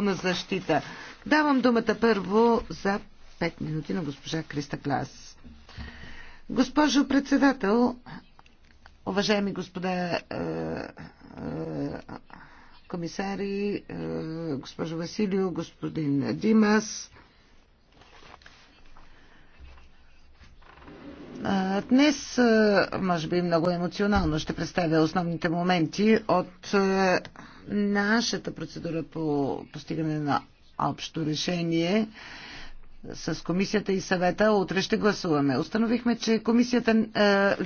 на защита. Давам думата първо за 5 минути на госпожа Криста Клас. Госпожо председател, уважаеми господа е, е, комисари, е, госпожо Василио, господин Димас, Днес, може би много емоционално, ще представя основните моменти от нашата процедура по постигане на общо решение с комисията и съвета. Утре ще гласуваме. Установихме, че комисията,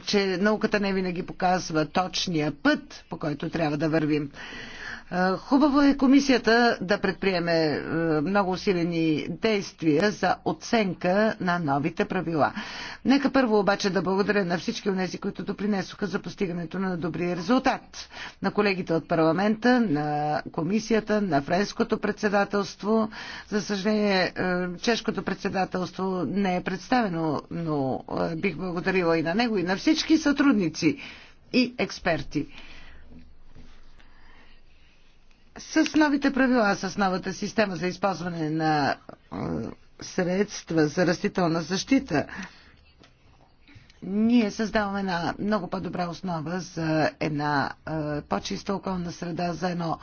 че науката не винаги показва точния път, по който трябва да вървим. Хубаво е комисията да предприеме много усилени действия за оценка на новите правила. Нека първо обаче да благодаря на всички от тези, които допринесоха за постигането на добрия резултат. На колегите от парламента, на комисията, на френското председателство. За съжаление, чешкото председателство не е представено, но бих благодарила и на него, и на всички сътрудници и експерти. С новите правила, с новата система за използване на средства за растителна защита, ние създаваме една много по-добра основа за една по-чиста околна среда, за едно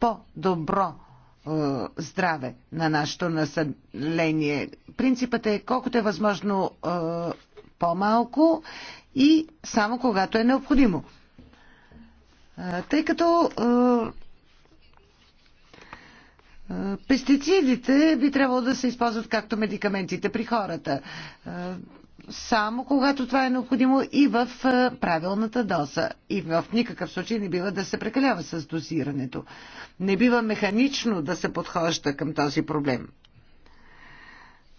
по-добро здраве на нашето население. Принципът е колкото е възможно по-малко и само когато е необходимо. Тъй като пестицидите би трябвало да се използват както медикаментите при хората. Само когато това е необходимо и в правилната доза. И в никакъв случай не бива да се прекалява с дозирането. Не бива механично да се подхожда към този проблем.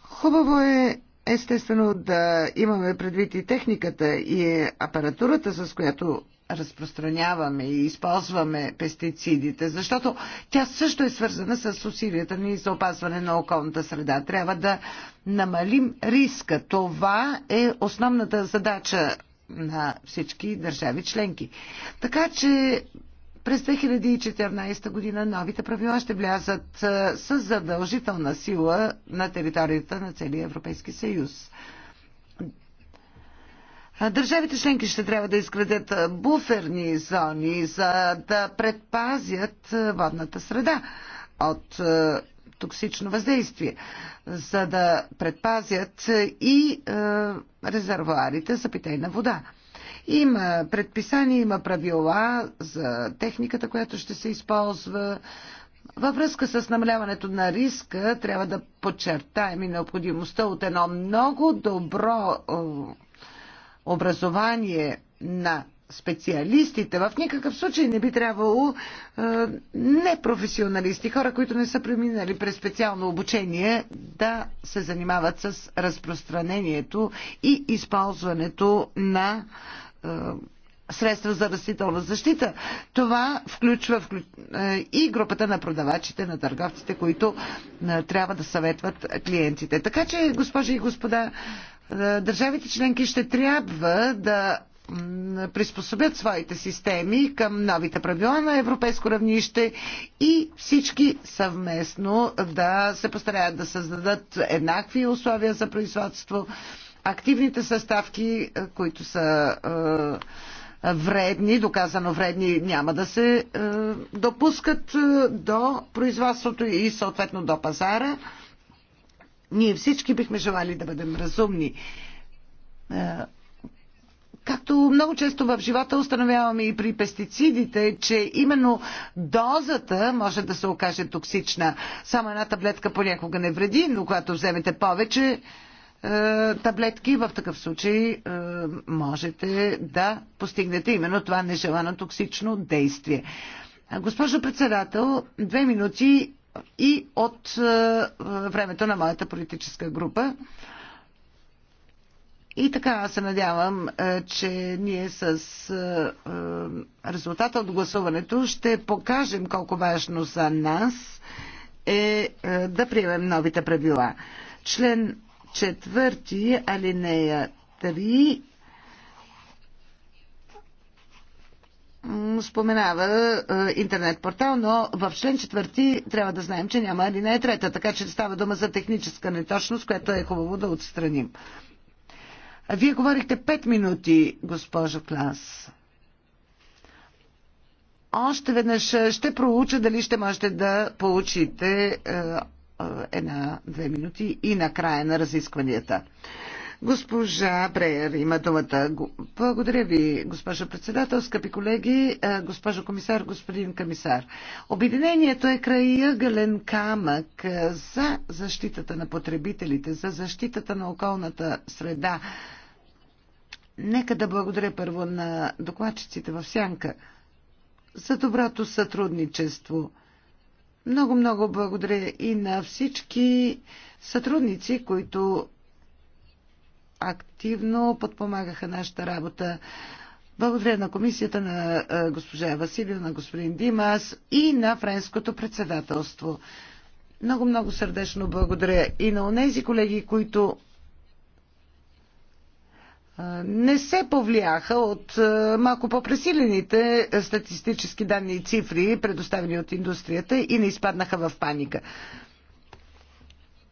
Хубаво е естествено да имаме предвид и техниката и апаратурата, с която разпространяваме и използваме пестицидите, защото тя също е свързана с усилията ни за опазване на околната среда. Трябва да намалим риска. Това е основната задача на всички държави членки. Така че през 2014 година новите правила ще влязат с задължителна сила на територията на целия Европейски съюз. Държавите членки ще трябва да изградят буферни зони, за да предпазят водната среда от токсично въздействие, за да предпазят и резервуарите за питейна вода. Има предписания, има правила за техниката, която ще се използва. Във връзка с намаляването на риска трябва да подчертаем и необходимостта от едно много добро образование на специалистите. В никакъв случай не би трябвало е, непрофесионалисти, хора, които не са преминали през специално обучение, да се занимават с разпространението и използването на е, средства за растителна защита. Това включва вклю... Е, и групата на продавачите, на търговците, които е, трябва да съветват клиентите. Така че, госпожи и господа, е, държавите членки ще трябва да приспособят своите системи към новите правила на европейско равнище и всички съвместно да се постараят да създадат еднакви условия за производство. Активните съставки, е, които са е, вредни, доказано вредни, няма да се е, допускат е, до производството и съответно до пазара. Ние всички бихме желали да бъдем разумни. Е, както много често в живота установяваме и при пестицидите, че именно дозата може да се окаже токсична. Само една таблетка понякога не вреди, но когато вземете повече е, таблетки, в такъв случай е, можете да постигнете именно това нежелано токсично действие. Госпожо председател, две минути и от е, времето на моята политическа група. И така се надявам, е, че ние с е, резултата от гласуването ще покажем колко важно за нас е да приемем новите правила. Член четвърти, алинея 3 споменава е, интернет портал, но в член четвърти трябва да знаем, че няма алинея трета, така че става дума за техническа неточност, която е хубаво да отстраним. Вие говорихте 5 минути, госпожо Клас. Още веднъж е, ще проуча дали ще можете да получите е, една-две минути и на края на разискванията. Госпожа Бреер има думата. Благодаря ви, госпожа председател, скъпи колеги, е, госпожа комисар, господин комисар. Обединението е краягален камък е, за защитата на потребителите, за защитата на околната среда. Нека да благодаря първо на докладчиците в Сянка за доброто сътрудничество. Много-много благодаря и на всички сътрудници, които активно подпомагаха нашата работа. Благодаря на комисията на госпожа Василио, на господин Димас и на френското председателство. Много-много сърдечно благодаря и на онези колеги, които не се повлияха от малко по-пресилените статистически данни и цифри, предоставени от индустрията и не изпаднаха в паника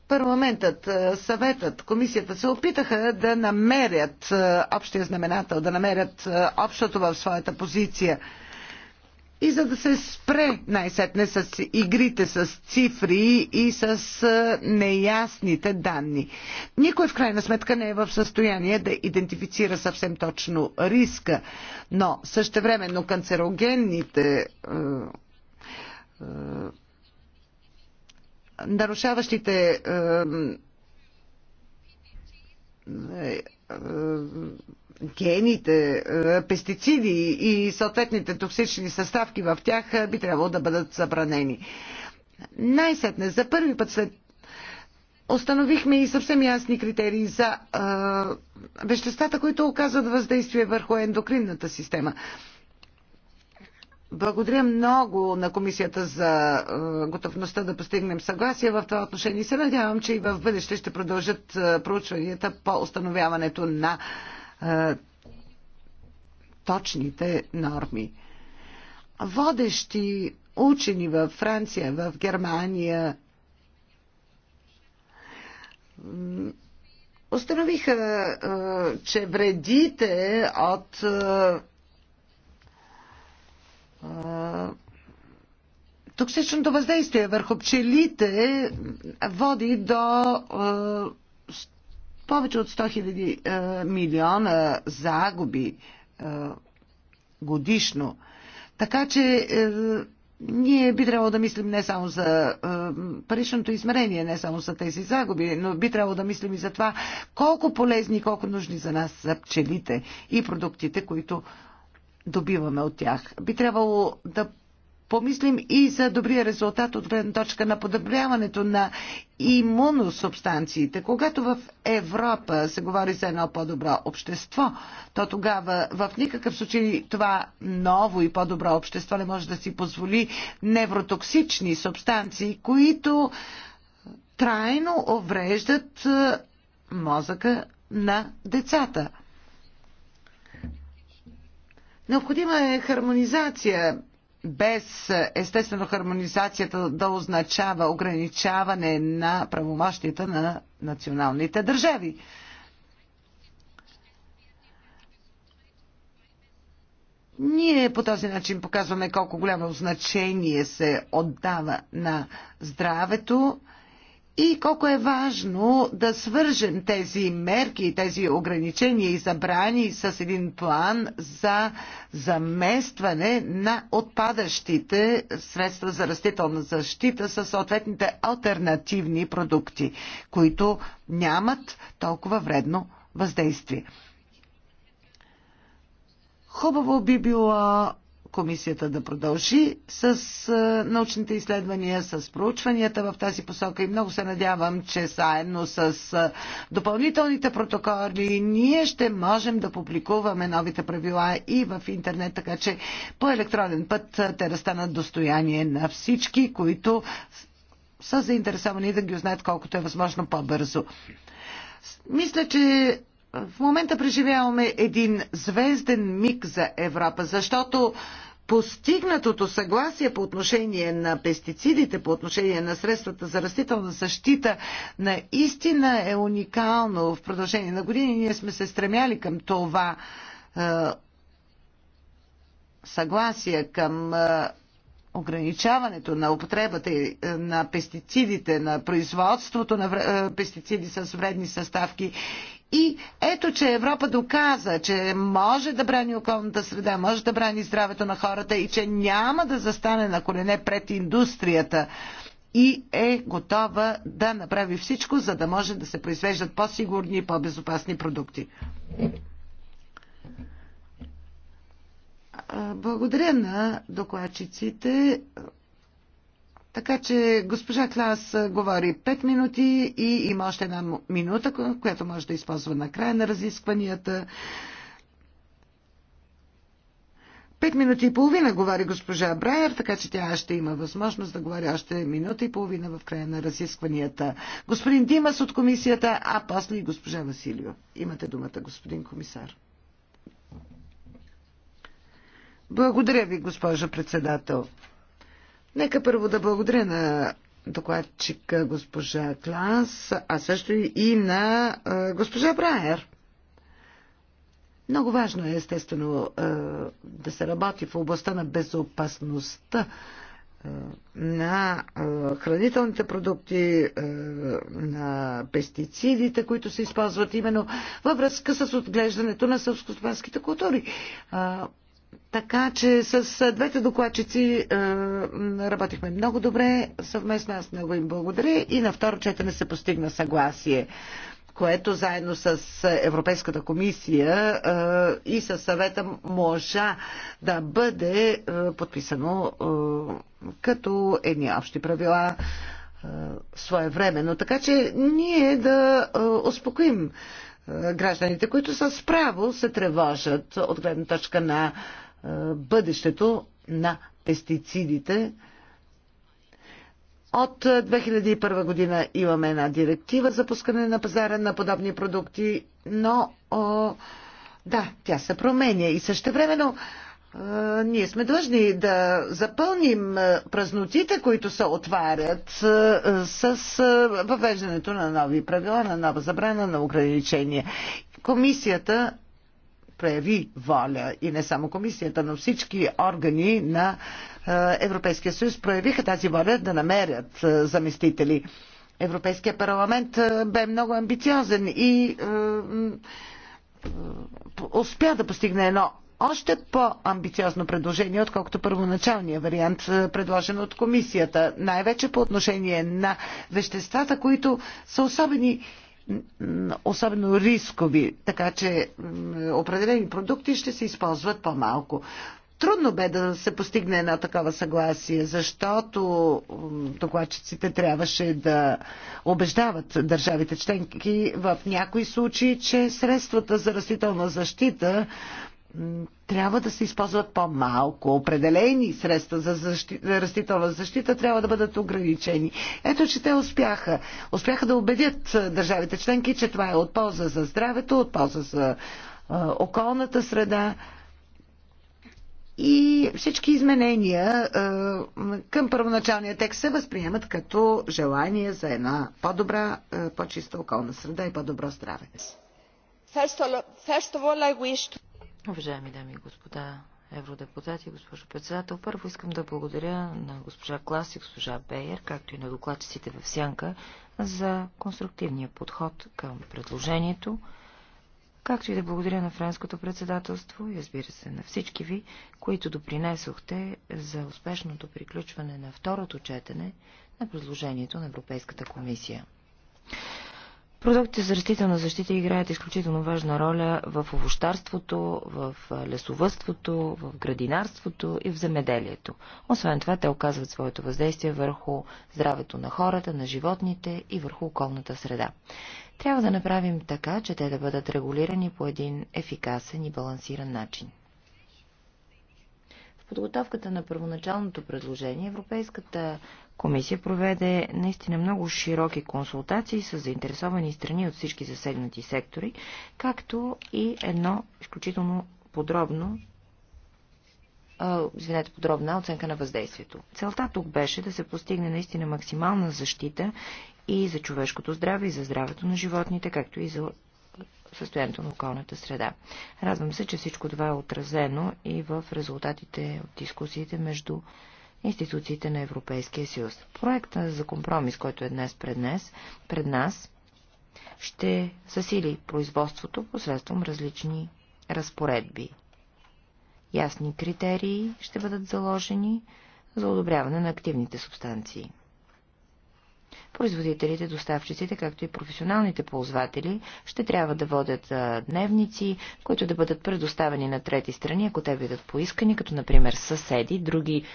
парламентът, е, съветът, комисията се опитаха да намерят е, общия знаменател, да намерят е, общото в своята позиция. И за да се спре най-сетне с игрите с цифри и с неясните данни. Никой в крайна сметка не е в състояние да идентифицира съвсем точно риска, но същевременно канцерогенните е, е, нарушаващите е, е, гените, е, пестициди и съответните токсични съставки в тях би трябвало да бъдат забранени. Най-сетне, за първи път след установихме и съвсем ясни критерии за а, веществата, които оказват въздействие върху ендокринната система. Благодаря много на комисията за е, готовността да постигнем съгласие в това отношение. Се надявам, че и в бъдеще ще продължат е, проучванията по установяването на е, точните норми. Водещи учени в Франция, в Германия установиха, че вредите от токсичното въздействие върху пчелите води до повече от 100 000 милиона загуби годишно. Така че е, ние би трябвало да мислим не само за е, паричното измерение, не само за тези загуби, но би трябвало да мислим и за това колко полезни и колко нужни за нас са пчелите и продуктите, които добиваме от тях. Би трябвало да помислим и за добрия резултат от гледна точка на подобряването на имуносубстанциите. Когато в Европа се говори за едно по-добро общество, то тогава в никакъв случай това ново и по-добро общество не може да си позволи невротоксични субстанции, които трайно увреждат мозъка на децата. Необходима е хармонизация, без естествено хармонизацията да означава ограничаване на правомощията на националните държави. Ние по този начин показваме колко голямо значение се отдава на здравето и колко е важно да свържем тези мерки, тези ограничения и забрани с един план за заместване на отпадащите средства за растителна защита с съответните альтернативни продукти, които нямат толкова вредно въздействие. Хубаво би било комисията да продължи с научните изследвания, с проучванията в тази посока и много се надявам, че заедно с допълнителните протоколи ние ще можем да публикуваме новите правила и в интернет, така че по електронен път те да станат достояние на всички, които са заинтересовани да ги узнаят колкото е възможно по-бързо. Мисля, че в момента преживяваме един звезден миг за Европа, защото постигнатото съгласие по отношение на пестицидите, по отношение на средствата за растителна защита, наистина е уникално. В продължение на години ние сме се стремяли към това е, съгласие, към е, ограничаването на употребата е, на пестицидите, на производството на е, пестициди с вредни съставки и ето, че Европа доказа, че може да брани околната среда, може да брани здравето на хората и че няма да застане на колене пред индустрията и е готова да направи всичко, за да може да се произвеждат по-сигурни и по-безопасни продукти. Благодаря на докладчиците. Така че госпожа Клас говори 5 минути и има още една минута, която може да използва на края на разискванията. Пет минути и половина говори госпожа Брайер, така че тя ще има възможност да говори още минута и половина в края на разискванията. Господин Димас от комисията, а после и госпожа Василио. Имате думата, господин комисар. Благодаря ви, госпожа председател. Нека първо да благодаря на докладчика госпожа Клас, а също и на госпожа Брайер. Много важно е, естествено, да се работи в областта на безопасността на хранителните продукти, на пестицидите, които се използват именно във връзка с отглеждането на селскостопанските култури. Така че с двете докладчици е, работихме много добре съвместно. Аз много им благодаря и на второ четене се постигна съгласие което заедно с Европейската комисия е, и с съвета можа да бъде е, подписано е, като едни общи правила своевременно. Така че ние да успокоим гражданите, които с право се тревожат от гледна точка на е, бъдещето на пестицидите. От 2001 е, година имаме една директива за пускане на пазара на подобни продукти, но о, да, тя се променя и същевременно е, ние сме длъжни да запълним е, празнотите, които се отварят е, с въвеждането на нови правила, на нова забрана, на ограничения. Комисията прояви воля и не само комисията, но всички органи на е, Европейския съюз проявиха тази воля да намерят е, заместители. Европейския парламент е, бе много амбициозен и успя да постигне едно още по-амбициозно предложение, отколкото първоначалния вариант, предложен от комисията, най-вече по отношение на веществата, които са особени особено рискови, така че определени продукти ще се използват по-малко. Трудно бе да се постигне едно такова съгласие, защото докладчиците трябваше да убеждават държавите членки в някои случаи, че средствата за растителна защита трябва да се използват по-малко. Определени средства за защита, растителна защита трябва да бъдат ограничени. Ето, че те успяха. Успяха да убедят държавите членки, че това е от полза за здравето, от полза за а, околната среда. И всички изменения а, към първоначалния текст се възприемат като желание за една по-добра, по-чиста околна среда и по-добро здраве. First of all, I wish to Уважаеми дами и господа евродепутати, госпожо председател, първо искам да благодаря на госпожа Клас и госпожа Бейер, както и на докладчиците в Сянка, за конструктивния подход към предложението, както и да благодаря на Френското председателство и разбира се на всички ви, които допринесохте за успешното приключване на второто четене на предложението на Европейската комисия. Продуктите за растителна защита играят изключително важна роля в овощарството, в лесовътството, в градинарството и в земеделието. Освен това, те оказват своето въздействие върху здравето на хората, на животните и върху околната среда. Трябва да направим така, че те да бъдат регулирани по един ефикасен и балансиран начин. В подготовката на първоначалното предложение Европейската комисия проведе наистина много широки консултации с заинтересовани страни от всички засегнати сектори, както и едно изключително подробно извинете, подробна оценка на въздействието. Целта тук беше да се постигне наистина максимална защита и за човешкото здраве, и за здравето на животните, както и за състоянието на околната среда. Радвам се, че всичко това е отразено и в резултатите от дискусиите между институциите на Европейския съюз. Проекта за компромис, който е днес пред, днес, пред нас, ще съсили производството посредством различни разпоредби. Ясни критерии ще бъдат заложени за одобряване на активните субстанции. Производителите, доставчиците, както и професионалните ползватели ще трябва да водят дневници, които да бъдат предоставени на трети страни, ако те бъдат поискани, като например съседи, други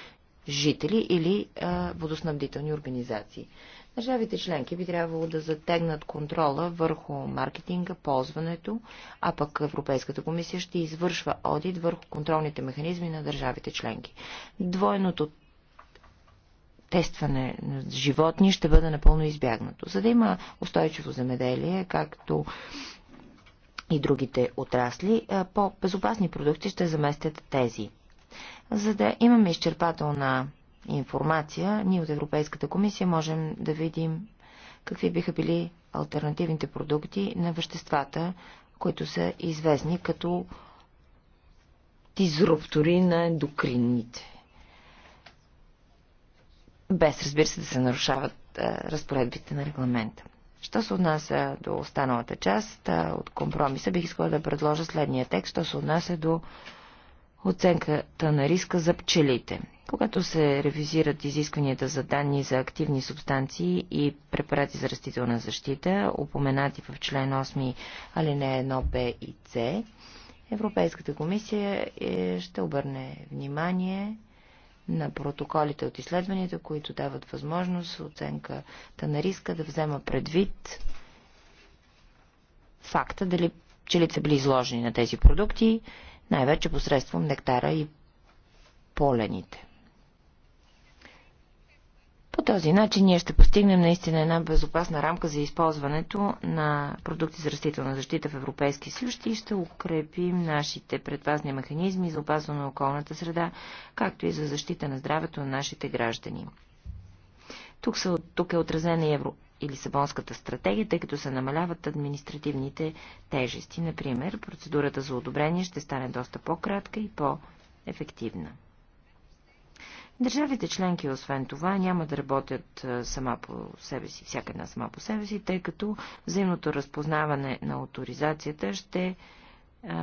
жители или а, водоснабдителни организации. Държавите членки би трябвало да затегнат контрола върху маркетинга, ползването, а пък Европейската комисия ще извършва одит върху контролните механизми на държавите членки. Двойното тестване на животни ще бъде напълно избягнато. За да има устойчиво земеделие, както и другите отрасли, по-безопасни продукти ще заместят тези. За да имаме изчерпателна информация, ние от Европейската комисия можем да видим какви биха били альтернативните продукти на веществата, които са известни като дизруптори на ендокринните. Без, разбира се, да се нарушават разпоредбите на регламента. Що се отнася до останалата част от компромиса, бих искала да предложа следния текст, що се отнася до оценката на риска за пчелите. Когато се ревизират изискванията за данни за активни субстанции и препарати за растителна защита, упоменати в член 8 алинея 1 Б и С, Европейската комисия е, ще обърне внимание на протоколите от изследванията, които дават възможност оценката на риска да взема предвид факта дали пчелите са били изложени на тези продукти най-вече посредством нектара и полените. По този начин ние ще постигнем наистина една безопасна рамка за използването на продукти за растителна защита в Европейски съюз и ще укрепим нашите предпазни механизми за опазване на околната среда, както и за защита на здравето на нашите граждани. Тук, са, тук е отразена и евро, и Лисабонската стратегия, тъй като се намаляват административните тежести. Например, процедурата за одобрение ще стане доста по-кратка и по-ефективна. Държавите членки, освен това, няма да работят сама по себе си, всяка една сама по себе си, тъй като взаимното разпознаване на авторизацията ще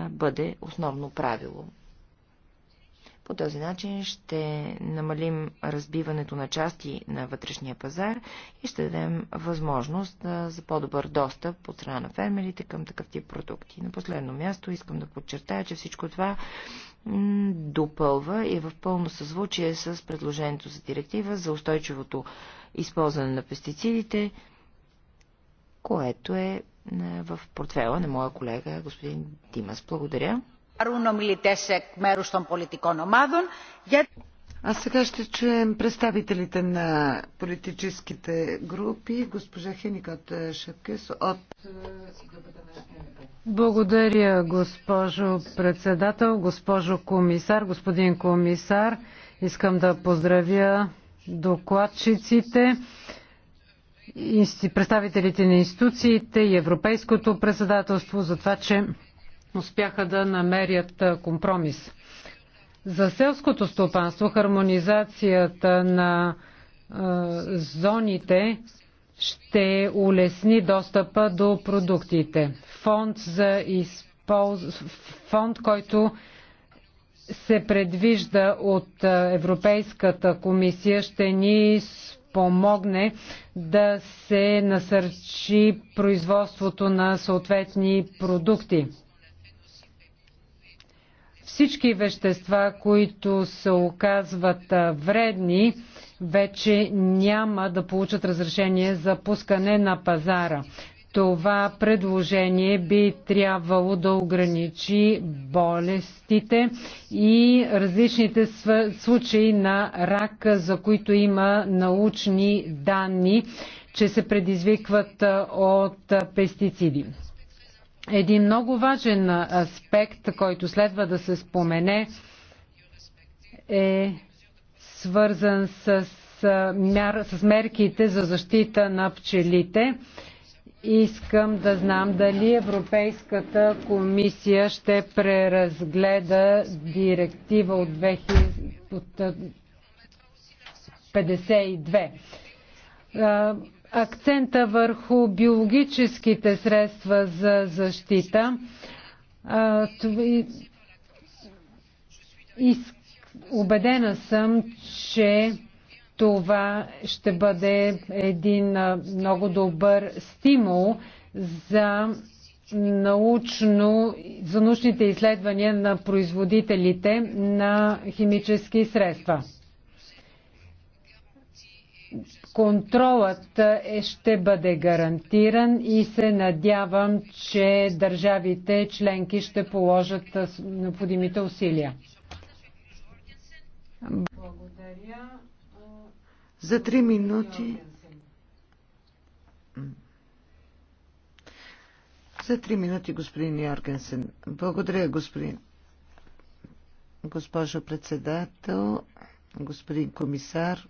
бъде основно правило по този начин ще намалим разбиването на части на вътрешния пазар и ще дадем възможност за по-добър достъп от страна на фермерите към такъв тип продукти. На последно място искам да подчертая, че всичко това допълва и е в пълно съзвучие с предложението за директива за устойчивото използване на пестицидите, което е в портфела на моя колега господин Димас. Благодаря. А сега ще чуем представителите на политическите групи. Госпожа Хеникът Шепкес от... Благодаря, госпожо председател, госпожо комисар, господин комисар. Искам да поздравя докладчиците представителите на институциите и Европейското председателство за това, че успяха да намерят компромис. За селското стопанство хармонизацията на е, зоните ще улесни достъпа до продуктите. Фонд, за използ... Фонд който се предвижда от Европейската комисия, ще ни помогне да се насърчи производството на съответни продукти всички вещества, които се оказват вредни, вече няма да получат разрешение за пускане на пазара. Това предложение би трябвало да ограничи болестите и различните случаи на рак, за които има научни данни, че се предизвикват от пестициди. Един много важен аспект, който следва да се спомене, е свързан с, мяр, с мерките за защита на пчелите. Искам да знам дали Европейската комисия ще преразгледа директива от 2052 акцента върху биологическите средства за защита. Обедена съм, че това ще бъде един много добър стимул за научно, за научните изследвания на производителите на химически средства контролът е, ще бъде гарантиран и се надявам, че държавите членки ще положат необходимите усилия. Благодаря. За три минути. За три минути, господин Йоргенсен. Благодаря, господин. Госпожо председател, господин комисар,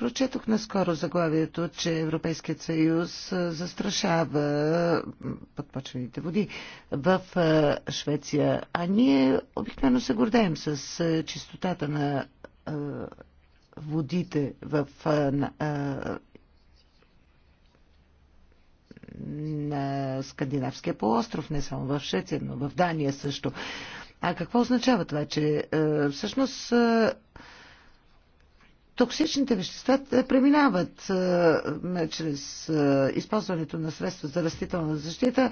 Прочетох наскоро заглавието, че Европейският съюз застрашава подпочвените води в Швеция. А ние обикновено се гордеем с чистотата на водите в на Скандинавския полуостров, не само в Швеция, но в Дания също. А какво означава това, че всъщност токсичните вещества е, преминават е, чрез е, използването на средства за растителна защита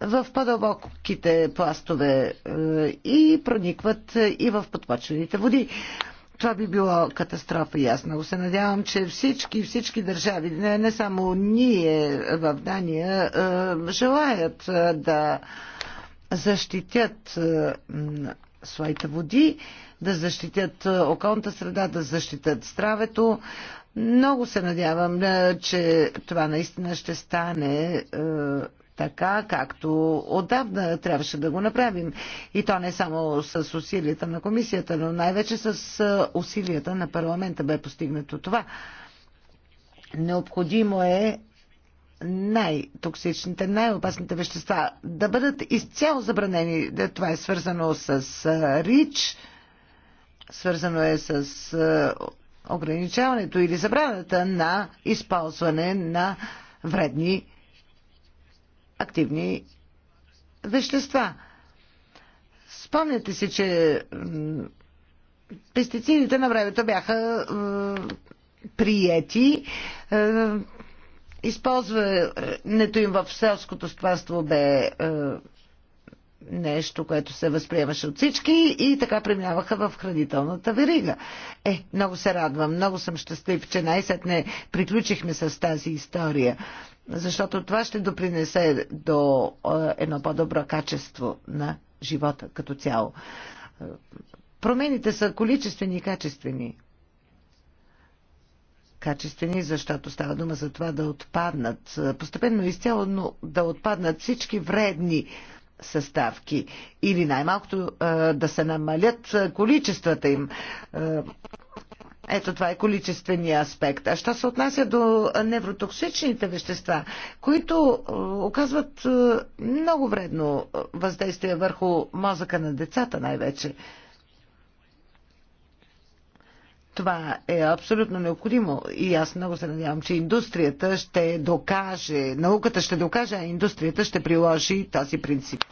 в по-дълбоките пластове и проникват и в подпочвените води. Това би било катастрофа и аз много се надявам, че всички, всички държави, не, не само ние в Дания, желаят да защитят своите води, да защитят е, околната среда, да защитят здравето. Много се надявам, е, че това наистина ще стане е, така, както отдавна трябваше да го направим. И то не само с усилията на комисията, но най-вече с усилията на парламента бе постигнато това. Необходимо е най-токсичните, най-опасните вещества да бъдат изцяло забранени. Това е свързано с РИЧ, свързано е с ограничаването или забраната на използване на вредни активни вещества. Спомняте си, че пестицидите на времето бяха приети използването е, им в селското стварство бе е, нещо, което се възприемаше от всички и така преминаваха в хранителната верига. Е, много се радвам, много съм щастлив, че най-сетне приключихме с тази история, защото това ще допринесе до е, едно по-добро качество на живота като цяло. Промените са количествени и качествени качествени, защото става дума за това да отпаднат постепенно изцяло, но да отпаднат всички вредни съставки или най-малкото да се намалят количествата им. Ето това е количествения аспект. А що се отнася до невротоксичните вещества, които оказват много вредно въздействие върху мозъка на децата най-вече, това е абсолютно необходимо и аз много се надявам, че индустрията ще докаже, науката ще докаже, а индустрията ще приложи този принцип.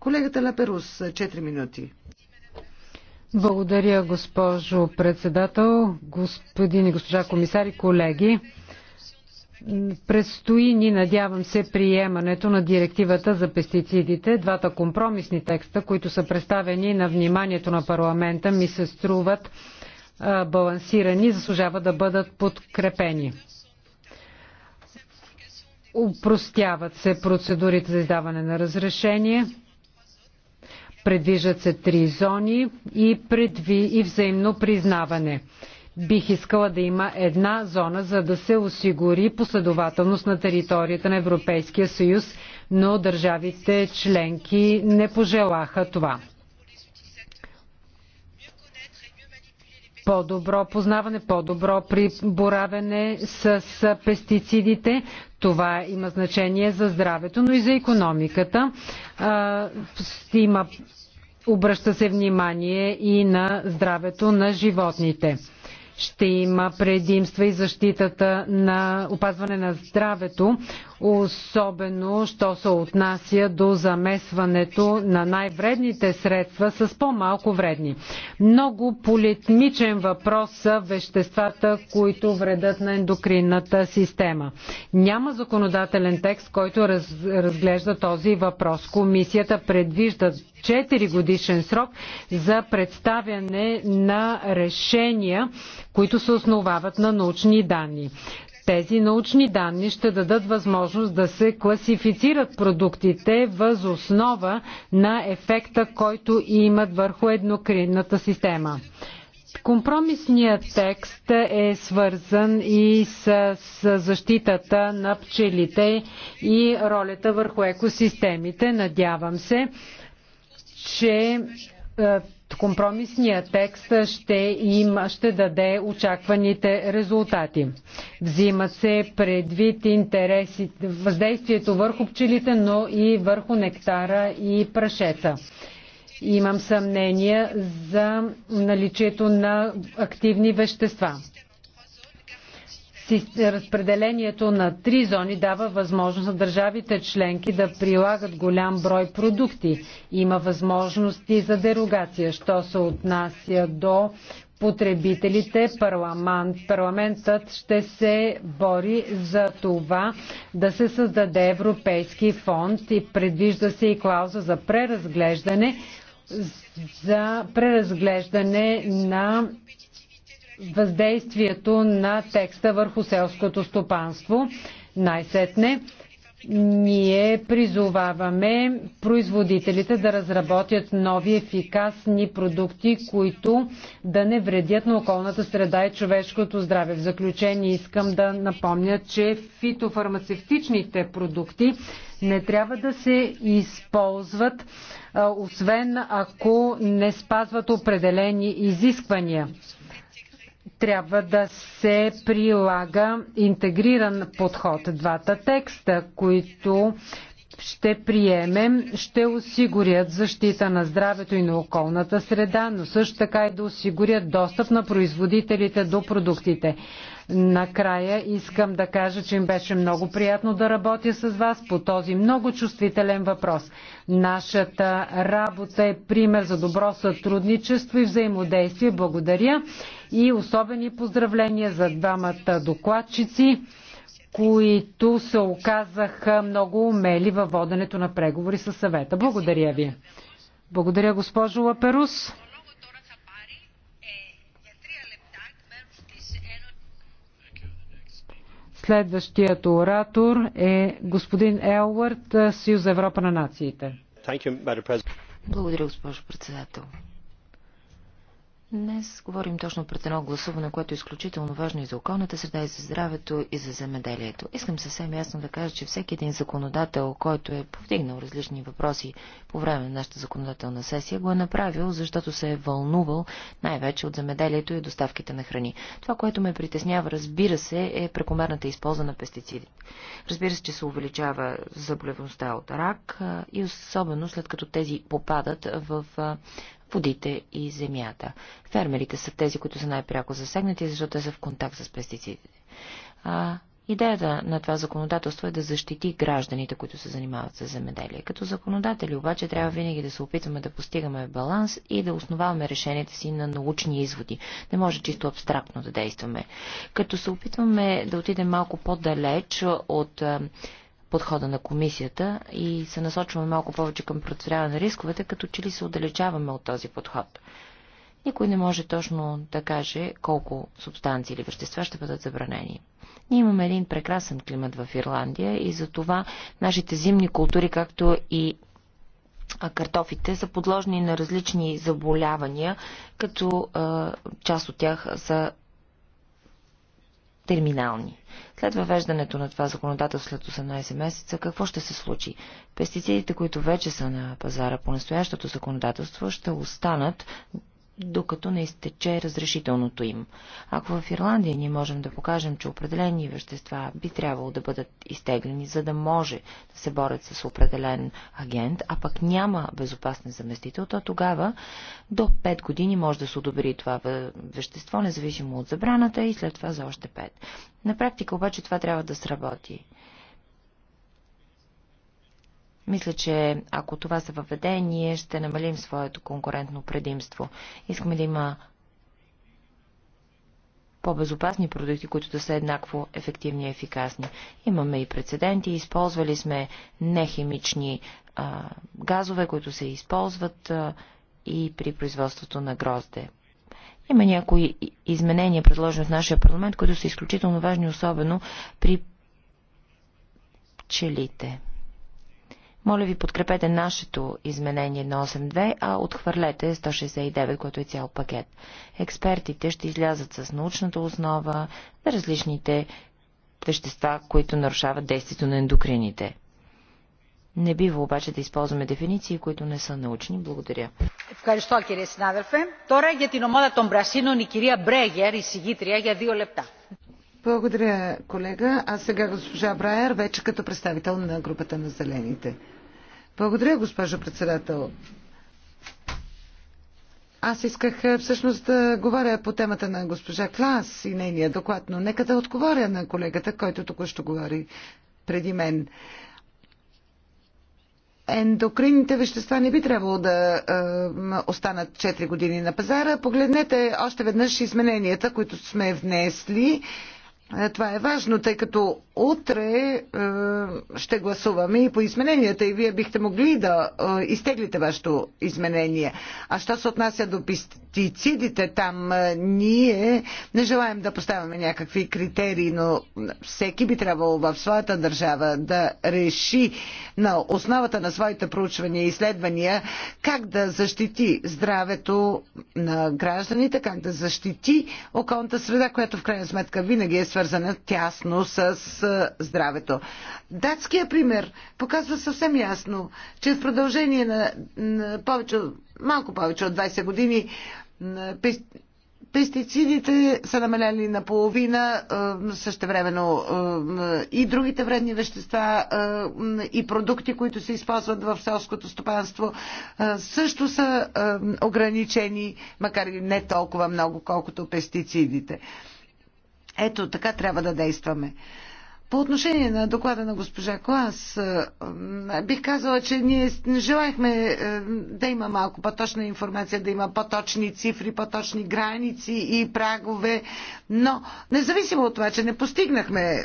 Колегата Лаперус, 4 минути. Благодаря, госпожо председател, господин и госпожа комисари, колеги. Предстои ни, надявам се, приемането на директивата за пестицидите. Двата компромисни текста, които са представени на вниманието на парламента, ми се струват балансирани и заслужава да бъдат подкрепени. Упростяват се процедурите за издаване на разрешение. Предвижат се три зони и, предви, и взаимно признаване бих искала да има една зона, за да се осигури последователност на територията на Европейския съюз, но държавите членки не пожелаха това. по-добро познаване, по-добро при боравене с пестицидите. Това има значение за здравето, но и за економиката. Има, обръща се внимание и на здравето на животните ще има предимства и защитата на опазване на здравето особено що се отнася до замесването на най-вредните средства с по-малко вредни. Много политмичен въпрос са веществата, които вредят на ендокринната система. Няма законодателен текст, който раз, разглежда този въпрос. Комисията предвижда 4 годишен срок за представяне на решения, които се основават на научни данни. Тези научни данни ще дадат възможност да се класифицират продуктите въз основа на ефекта, който имат върху еднокринната система. Компромисният текст е свързан и с, с защитата на пчелите и ролята върху екосистемите. Надявам се, че е, компромисният текст ще, им, ще даде очакваните резултати. Взимат се предвид интереси, въздействието върху пчелите, но и върху нектара и прашеца. Имам съмнение за наличието на активни вещества разпределението на три зони дава възможност на държавите членки да прилагат голям брой продукти. Има възможности за дерогация, що се отнася до потребителите. Парламент, парламентът ще се бори за това да се създаде Европейски фонд и предвижда се и клауза за преразглеждане за преразглеждане на въздействието на текста върху селското стопанство. Най-сетне ние призоваваме производителите да разработят нови ефикасни продукти, които да не вредят на околната среда и човешкото здраве. В заключение искам да напомня, че фитофармацевтичните продукти не трябва да се използват, освен ако не спазват определени изисквания трябва да се прилага интегриран подход. Двата текста, които ще приемем, ще осигурят защита на здравето и на околната среда, но също така и да осигурят достъп на производителите до продуктите. Накрая искам да кажа, че им беше много приятно да работя с вас по този много чувствителен въпрос. Нашата работа е пример за добро сътрудничество и взаимодействие. Благодаря и особени поздравления за двамата докладчици, които се оказаха много умели във воденето на преговори със съвета. Благодаря ви. Благодаря, госпожо Лаперус. Следващият оратор е господин Елвард, Съюз за Европа на нациите. Благодаря, госпожо председател. Днес говорим точно пред едно гласуване, което е изключително важно и за околната среда, и за здравето, и за земеделието. Искам съвсем ясно да кажа, че всеки един законодател, който е повдигнал различни въпроси по време на нашата законодателна сесия, го е направил, защото се е вълнувал най-вече от земеделието и доставките на храни. Това, което ме притеснява, разбира се, е прекомерната използва на пестициди. Разбира се, че се увеличава заболевността от рак и особено след като тези попадат в водите и земята. Фермерите са тези, които са най-пряко засегнати, защото те са в контакт с пестицидите. А, Идеята на това законодателство е да защити гражданите, които се занимават с земеделие. Като законодатели обаче трябва винаги да се опитваме да постигаме баланс и да основаваме решенията си на научни изводи. Не може чисто абстрактно да действаме. Като се опитваме да отидем малко по-далеч от подхода на комисията и се насочваме малко повече към процедуряване на рисковете, като че ли се отдалечаваме от този подход. Никой не може точно да каже колко субстанции или вещества ще бъдат забранени. Ние имаме един прекрасен климат в Ирландия и за това нашите зимни култури, както и картофите, са подложени на различни заболявания, като а, част от тях са терминални. След въвеждането на това законодателство след 18 месеца, какво ще се случи? Пестицидите, които вече са на пазара по настоящото законодателство, ще останат докато не изтече разрешителното им. Ако в Ирландия ние можем да покажем, че определени вещества би трябвало да бъдат изтеглени, за да може да се борят с определен агент, а пък няма безопасен заместител, то тогава до 5 години може да се одобри това вещество, независимо от забраната и след това за още 5. На практика обаче това трябва да сработи. Мисля, че ако това се въведе, ние ще намалим своето конкурентно предимство. Искаме да има по-безопасни продукти, които да са еднакво ефективни и ефикасни. Имаме и прецеденти, използвали сме нехимични а, газове, които се използват а, и при производството на грозде. Има някои изменения, предложени от нашия парламент, които са изключително важни, особено при пчелите. Моля ви, подкрепете нашето изменение на 8.2, а отхвърлете 169, което е цял пакет. Експертите ще излязат с научната основа на различните вещества, които нарушават действието на ендокрините. Не бива обаче да използваме дефиниции, които не са научни. Благодаря. Ευχαριστώ, κύριε συνάδελφε. Τώρα για την ομάδα των Πρασίνων η κυρία Μπρέγερ, η συγκήτρια, για δύο λεπτά. Благодаря, колега. А сега госпожа Брайер, вече като представител на групата на зелените. Благодаря, госпожо председател. Аз исках е, всъщност да говоря по темата на госпожа Клас и нейния доклад, но нека да отговоря на колегата, който току-що говори преди мен. Ендокринните вещества не би трябвало да е, останат 4 години на пазара. Погледнете още веднъж измененията, които сме внесли. Е, е, това е важно, тъй като утре е, ще гласуваме и по измененията и вие бихте могли да е, изтеглите вашето изменение. А що се отнася до пестицидите, там е, ние не желаем да поставяме някакви критерии, но всеки би трябвало в своята държава да реши на основата на своите проучвания и изследвания как да защити здравето на гражданите, как да защити околната среда, която в крайна сметка винаги е свързана свързана тясно с здравето. Датският пример показва съвсем ясно, че в продължение на, на повече, малко повече от 20 години пестицидите са намаляли наполовина, същевременно и другите вредни вещества и продукти, които се използват в селското стопанство, също са ограничени, макар и не толкова много, колкото пестицидите. Ето така трябва да действаме. По отношение на доклада на госпожа Клас, е, бих казала, че ние желаехме е, да има малко по-точна информация, да има по-точни цифри, по-точни граници и прагове, но независимо от това, че не постигнахме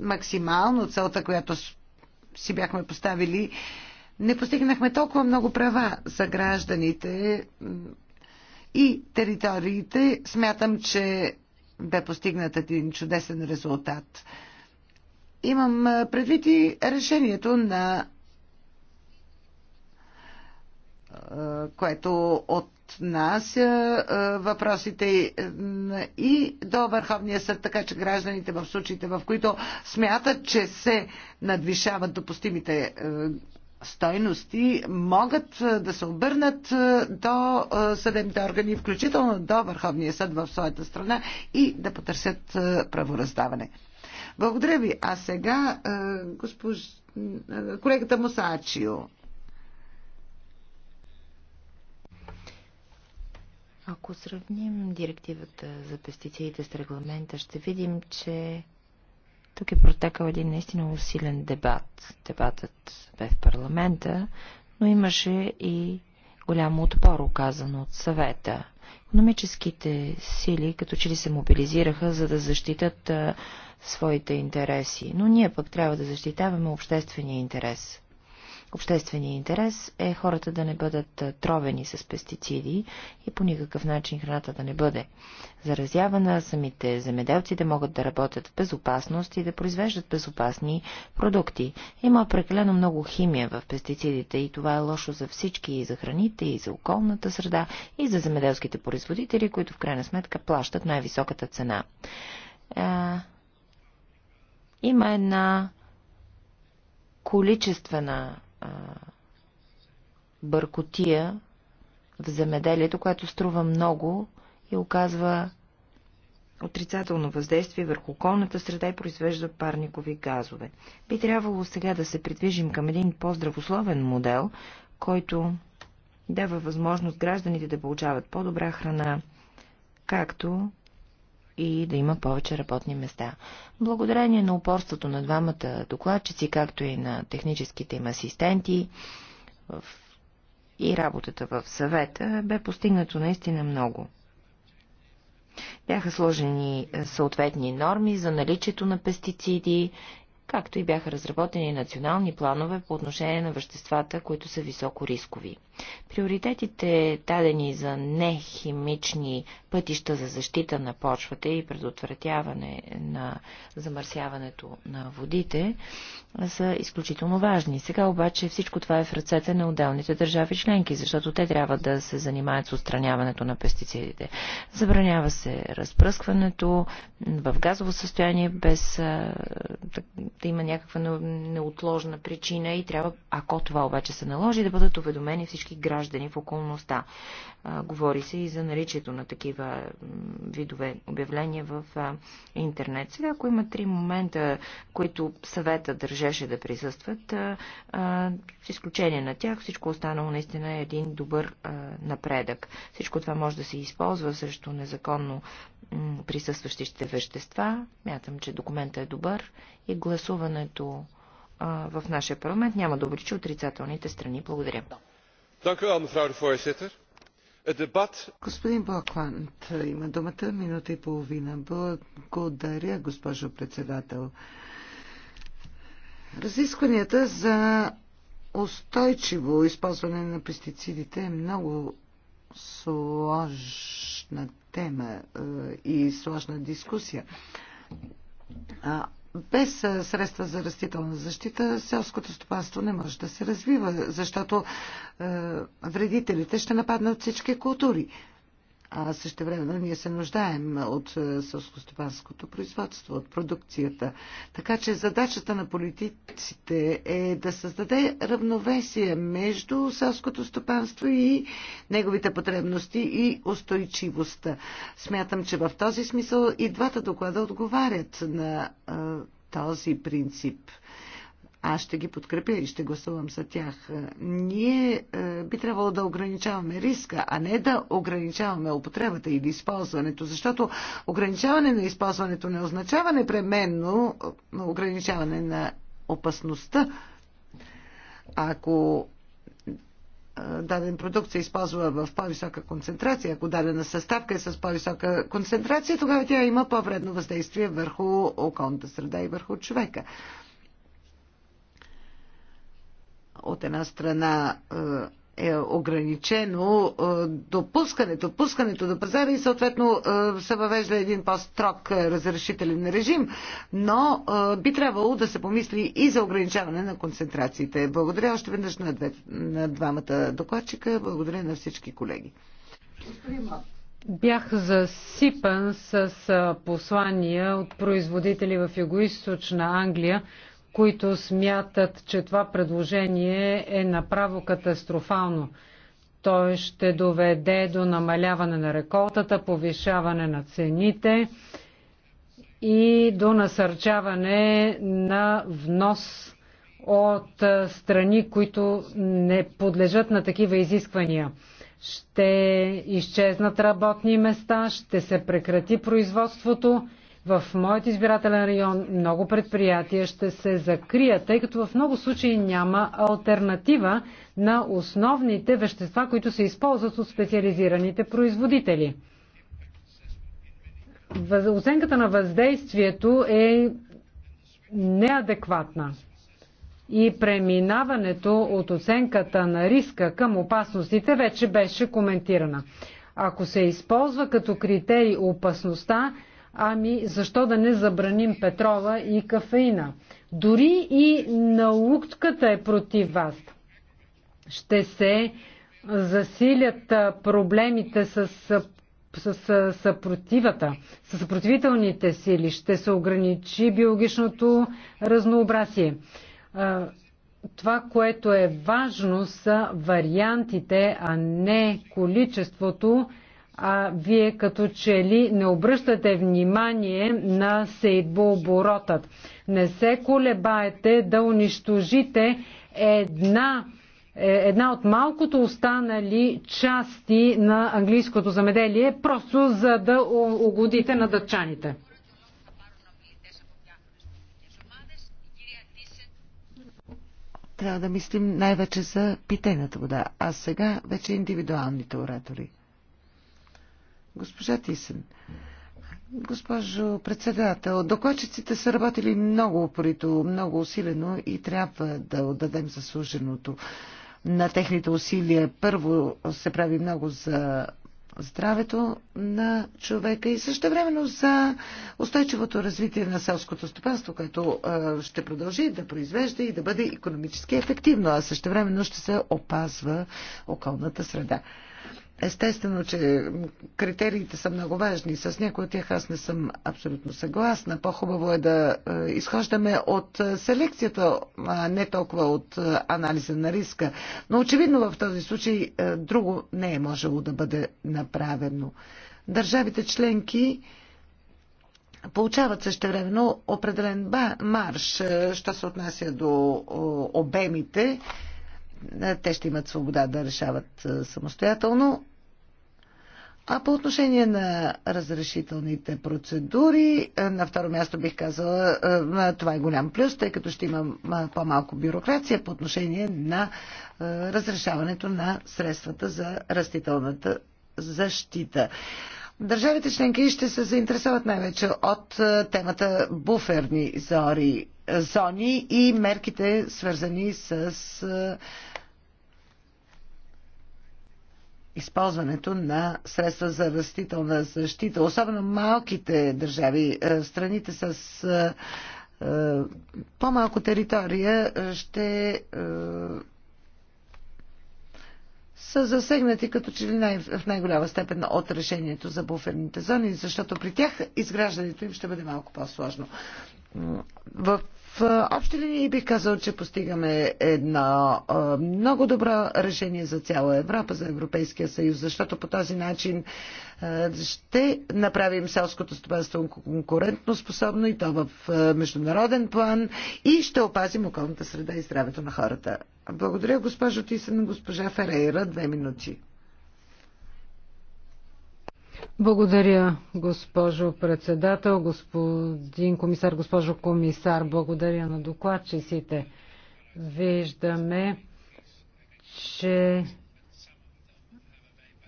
максимално целта, която си бяхме поставили, не постигнахме толкова много права за гражданите и териториите. Смятам, че бе постигнат един чудесен резултат. Имам предвид и решението на което отнася въпросите и до Върховния съд, така че гражданите в случаите, в които смятат, че се надвишават допустимите стойности могат да се обърнат до съдебните органи, включително до Върховния съд в своята страна и да потърсят правораздаване. Благодаря ви. А сега госпож... колегата Мусачио. Ако сравним директивата за пестицидите с регламента, ще видим, че тук е протекал един наистина усилен дебат. Дебатът бе в парламента, но имаше и голям отпор, оказан от съвета. Економическите сили като че ли се мобилизираха, за да защитат а, своите интереси, но ние пък трябва да защитаваме обществения интерес обществения интерес е хората да не бъдат тровени с пестициди и по никакъв начин храната да не бъде заразявана, самите земеделци да могат да работят в безопасност и да произвеждат безопасни продукти. Има прекалено много химия в пестицидите и това е лошо за всички, и за храните, и за околната среда, и за земеделските производители, които в крайна сметка плащат най-високата цена. А... Има една количествена а, бъркотия в земеделието, което струва много и оказва отрицателно въздействие върху околната среда и произвежда парникови газове. Би трябвало сега да се придвижим към един по-здравословен модел, който дава възможност гражданите да получават по-добра храна, както и да има повече работни места. Благодарение на упорството на двамата докладчици, както и на техническите им асистенти в... и работата в съвета, бе постигнато наистина много. Бяха сложени съответни норми за наличието на пестициди, както и бяха разработени национални планове по отношение на веществата, които са високо рискови. Приоритетите, дадени за нехимични пътища за защита на почвата и предотвратяване на замърсяването на водите, са изключително важни. Сега обаче всичко това е в ръцете на отделните държави членки, защото те трябва да се занимаят с отстраняването на пестицидите. Забранява се разпръскването в газово състояние без да има някаква неотложна причина и трябва, ако това обаче се наложи, да бъдат уведомени всички всички граждани в околността. Говори се и за наличието на такива видове обявления в интернет. Сега, ако има три момента, които съвета държеше да присъстват, с изключение на тях, всичко останало наистина е един добър напредък. Всичко това може да се използва срещу незаконно присъстващите вещества. Мятам, че документът е добър и гласуването в нашия парламент няма да обличи отрицателните страни. Благодаря. Господин het има думата. Минута и половина. Благодаря, госпожо председател. Разискванията за устойчиво използване на пестицидите е много сложна тема е, и сложна дискусия без средства за растителна защита селското стопанство не може да се развива, защото вредителите ще нападнат всички култури. А също време ние се нуждаем от е, сълскостопанското производство, от продукцията. Така че задачата на политиците е да създаде равновесие между селското стопанство и неговите потребности и устойчивостта. Смятам, че в този смисъл и двата доклада отговарят на е, този принцип аз ще ги подкрепя и ще гласувам за тях. Е, ние е, би трябвало да ограничаваме риска, а не да ограничаваме употребата или използването, защото ограничаване на използването не означава непременно е, ограничаване на опасността. Ако даден продукт се използва в по-висока концентрация, ако дадена съставка е с по-висока концентрация, тогава тя има по-вредно въздействие върху околната среда и върху човека от една страна е, е ограничено е, допускането, пускането до пазара и съответно е, се въвежда един по-строг разрешителен режим, но би трябвало да се помисли и за ограничаване на концентрациите. Благодаря още веднъж на, две, на двамата докладчика, благодаря на всички колеги. Бях засипан с послания от производители в Юго-Источна Англия, които смятат, че това предложение е направо катастрофално. Той ще доведе до намаляване на реколтата, повишаване на цените и до насърчаване на внос от страни, които не подлежат на такива изисквания. Ще изчезнат работни места, ще се прекрати производството в моят избирателен район много предприятия ще се закрият, тъй като в много случаи няма альтернатива на основните вещества, които се използват от специализираните производители. Оценката на въздействието е неадекватна и преминаването от оценката на риска към опасностите вече беше коментирана. Ако се използва като критерий опасността, Ами, защо да не забраним петрола и кафеина? Дори и науката е против вас. Ще се засилят проблемите с с съпротивата, с съпротивителните сили, ще се ограничи биологичното разнообразие. Това, което е важно, са вариантите, а не количеството а вие като че ли не обръщате внимание на оборотът? Не се колебаете да унищожите една, е, една от малкото останали части на английското замеделие, просто за да угодите на дъчаните. Трябва да мислим най-вече за питейната вода, а сега вече индивидуалните оратори. Госпожа Тисен. Госпожо председател, докладчиците са работили много упорито, много усилено и трябва да отдадем заслуженото на техните усилия. Първо се прави много за здравето на човека и също времено за устойчивото развитие на селското стопанство, което ще продължи да произвежда и да бъде економически ефективно, а също времено ще се опазва околната среда. Естествено, че критериите са много важни. С някои от тях аз не съм абсолютно съгласна. По-хубаво е да е, изхождаме от е, селекцията, а не толкова от е, анализа на риска. Но очевидно в този случай друго не е можело да бъде направено. Държавите членки получават същевременно определен марш, що се отнася до обемите е, те ще имат свобода да решават е, самостоятелно. А по отношение на разрешителните процедури, е, на второ място бих казала, това е голям плюс, тъй като ще има по-малко бюрокрация по отношение на разрешаването на средствата за растителната защита. Държавите членки ще се заинтересуват най-вече от темата буферни зори, зони и мерките свързани с използването на средства за растителна защита, особено малките държави, е, страните с е, е, по-малко територия ще са засегнати като че ли най- в най-голяма степен от решението за буферните зони, защото при тях изграждането им ще бъде малко по-сложно. В общи линии бих казал, че постигаме едно много добро решение за цяла Европа, за Европейския съюз, защото по този начин ще направим селското стопанство конкурентно способно и то в международен план и ще опазим околната среда и здравето на хората. Благодаря, госпожо Тисен, госпожа Ферейра, две минути. Благодаря, госпожо председател, господин комисар, госпожо комисар. Благодаря на докладчиците. Виждаме, че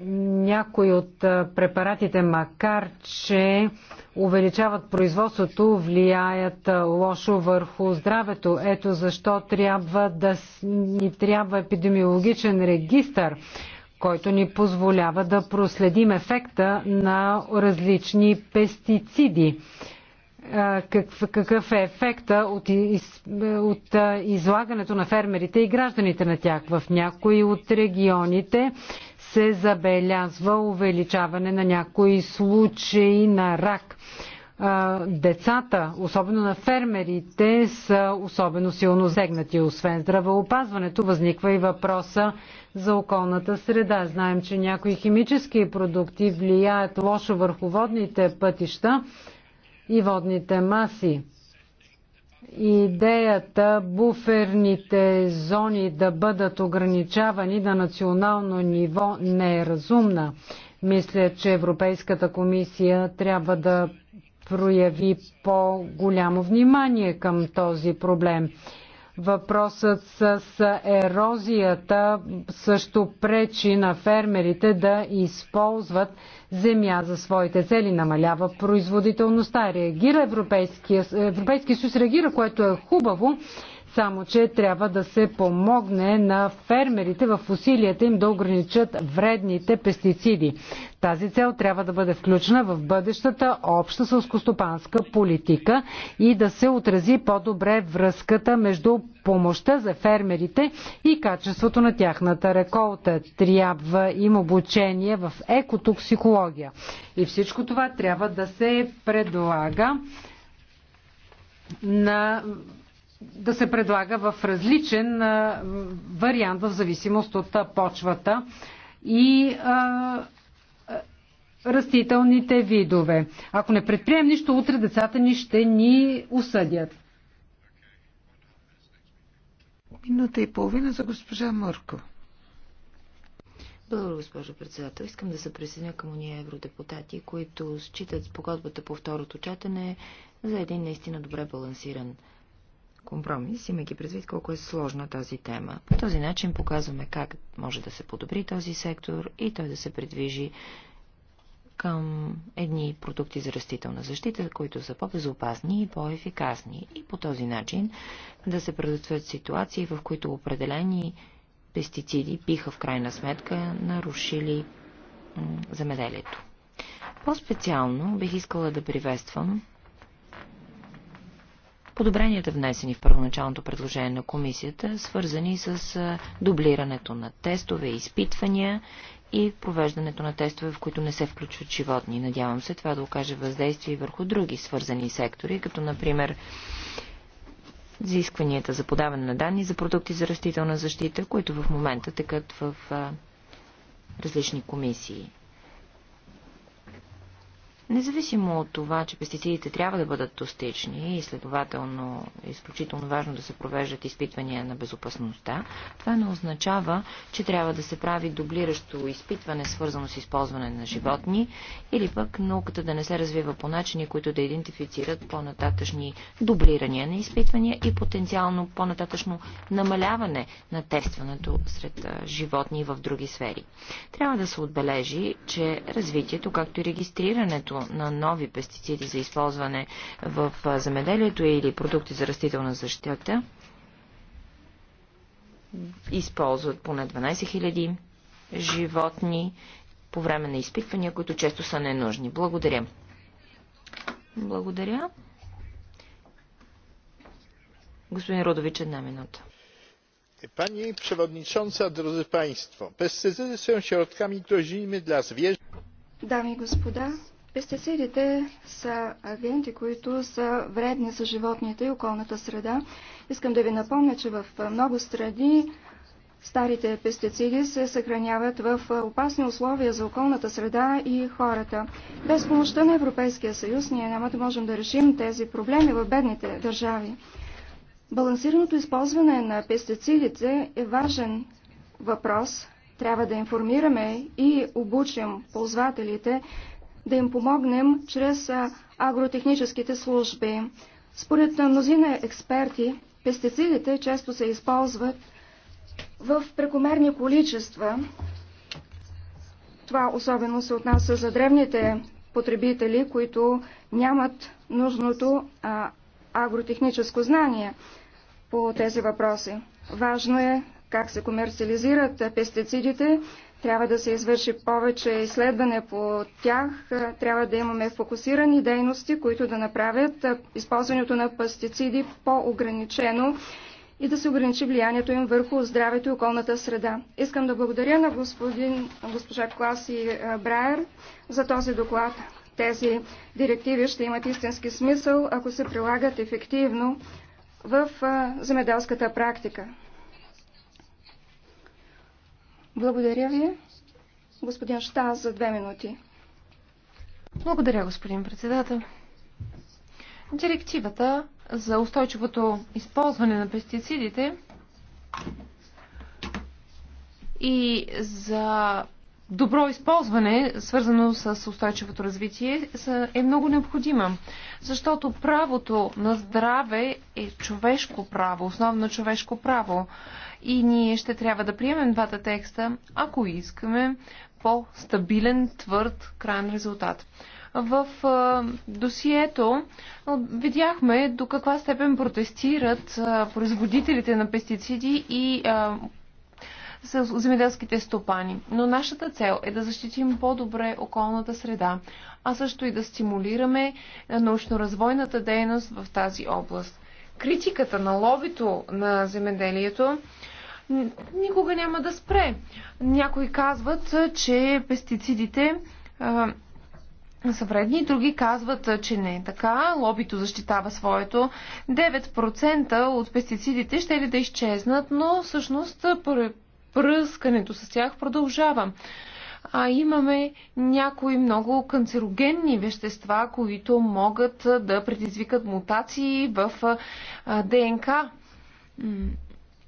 някои от препаратите, макар че увеличават производството, влияят лошо върху здравето. Ето защо трябва да ни трябва епидемиологичен регистр който ни позволява да проследим ефекта на различни пестициди. Е, какъв е ефекта от, из, от е, излагането на фермерите и гражданите на тях? В някои от регионите се забелязва увеличаване на някои случаи на рак децата, особено на фермерите, са особено силно сегнати. Освен здравеопазването, възниква и въпроса за околната среда. Знаем, че някои химически продукти влияят лошо върху водните пътища и водните маси. Идеята буферните зони да бъдат ограничавани на национално ниво не е разумна. Мисля, че Европейската комисия трябва да прояви по-голямо внимание към този проблем. Въпросът с ерозията също пречи на фермерите да използват земя за своите цели, намалява производителността. Реагира Европейския, Европейския съюз реагира, което е хубаво, само, че трябва да се помогне на фермерите в усилията им да ограничат вредните пестициди. Тази цел трябва да бъде включена в бъдещата обща сълскостопанска политика и да се отрази по-добре връзката между помощта за фермерите и качеството на тяхната реколта. Трябва им обучение в екотоксикология. И всичко това трябва да се предлага на да се предлага в различен вариант в зависимост от почвата и растителните видове. Ако не предприем нищо, утре децата ни ще ни осъдят. Минута и половина за госпожа Мърко. Благодаря, госпожо председател. Искам да се присъединя към уния евродепутати, които считат спогодбата по второто четене за един наистина добре балансиран компромис, имайки предвид колко е сложна тази тема. По този начин показваме как може да се подобри този сектор и той да се придвижи към едни продукти за растителна защита, които са по-безопасни и по-ефикасни. И по този начин да се предотвратят ситуации, в които определени пестициди биха в крайна сметка нарушили земеделието. По-специално бих искала да приветствам подобренията внесени в първоначалното предложение на комисията, свързани с дублирането на тестове, изпитвания и провеждането на тестове, в които не се включват животни. Надявам се това да окаже въздействие върху други свързани сектори, като например изискванията за подаване на данни за продукти за растителна защита, които в момента текат в различни комисии. Независимо от това, че пестицидите трябва да бъдат тостични и следователно е изключително важно да се провеждат изпитвания на безопасността, това не означава, че трябва да се прави дублиращо изпитване, свързано с използване на животни, или пък науката да не се развива по начини, които да идентифицират по-нататъчни дублирания на изпитвания и потенциално по-нататъчно намаляване на тестването сред животни в други сфери. Трябва да се отбележи, че развитието, както и регистрирането на нови пестициди за използване в земеделието или продукти за растителна защита използват поне 12 000 животни по време на изпитвания, които често са ненужни. Благодаря. Благодаря. Господин Родович, една минута. Pani przewodnicząca, drodzy państwo, pestycydy są środkami groźnymi dla zwierząt. Dami господа, Пестицидите са агенти, които са вредни за животните и околната среда. Искам да ви напомня, че в много страни старите пестициди се съхраняват в опасни условия за околната среда и хората. Без помощта на Европейския съюз ние няма да можем да решим тези проблеми в бедните държави. Балансираното използване на пестицидите е важен въпрос. Трябва да информираме и обучим ползвателите да им помогнем чрез агротехническите служби. Според мнозина експерти, пестицидите често се използват в прекомерни количества. Това особено се отнася за древните потребители, които нямат нужното а, агротехническо знание по тези въпроси. Важно е как се комерциализират пестицидите, трябва да се извърши повече изследване по тях. Трябва да имаме фокусирани дейности, които да направят използването на пестициди по-ограничено и да се ограничи влиянието им върху здравето и околната среда. Искам да благодаря на господин, госпожа Класи Браер за този доклад. Тези директиви ще имат истински смисъл, ако се прилагат ефективно в земеделската практика. Благодаря ви. Господин Штан, за две минути. Благодаря, господин председател. Директивата за устойчивото използване на пестицидите и за добро използване, свързано с устойчивото развитие, е много необходима. Защото правото на здраве е човешко право, основно човешко право. И ние ще трябва да приемем двата текста, ако искаме по-стабилен, твърд крайен резултат. В досието видяхме до каква степен протестират производителите на пестициди и с земеделските стопани. Но нашата цел е да защитим по-добре околната среда, а също и да стимулираме е, научно-развойната дейност в тази област. Критиката на лобито на земеделието никога няма да спре. Някои казват, че пестицидите е, са вредни, други казват, че не е така. Лобито защитава своето. 9% от пестицидите ще ли да изчезнат, но всъщност пръскането с тях продължава. А имаме някои много канцерогенни вещества, които могат да предизвикат мутации в ДНК.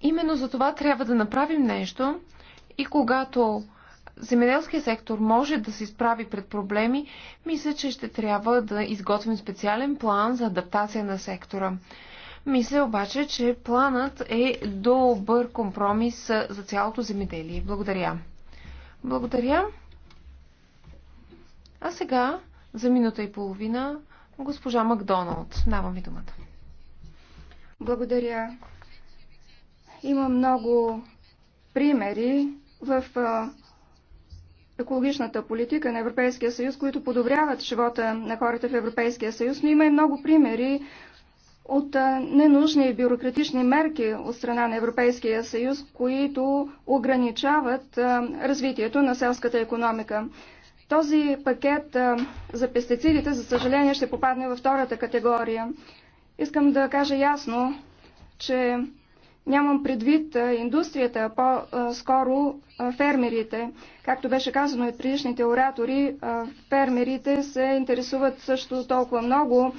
Именно за това трябва да направим нещо и когато земеделския сектор може да се изправи пред проблеми, мисля, че ще трябва да изготвим специален план за адаптация на сектора. Мисля обаче, че планът е добър компромис за цялото земеделие. Благодаря. Благодаря. А сега, за минута и половина, госпожа Макдоналд. Давам ви думата. Благодаря. Има много примери в екологичната политика на Европейския съюз, които подобряват живота на хората в Европейския съюз, но има и много примери от ненужни бюрократични мерки от страна на Европейския съюз, които ограничават развитието на селската економика. Този пакет за пестицидите, за съжаление, ще попадне във втората категория. Искам да кажа ясно, че нямам предвид индустрията, по-скоро фермерите. Както беше казано и предишните оратори, фермерите се интересуват също толкова много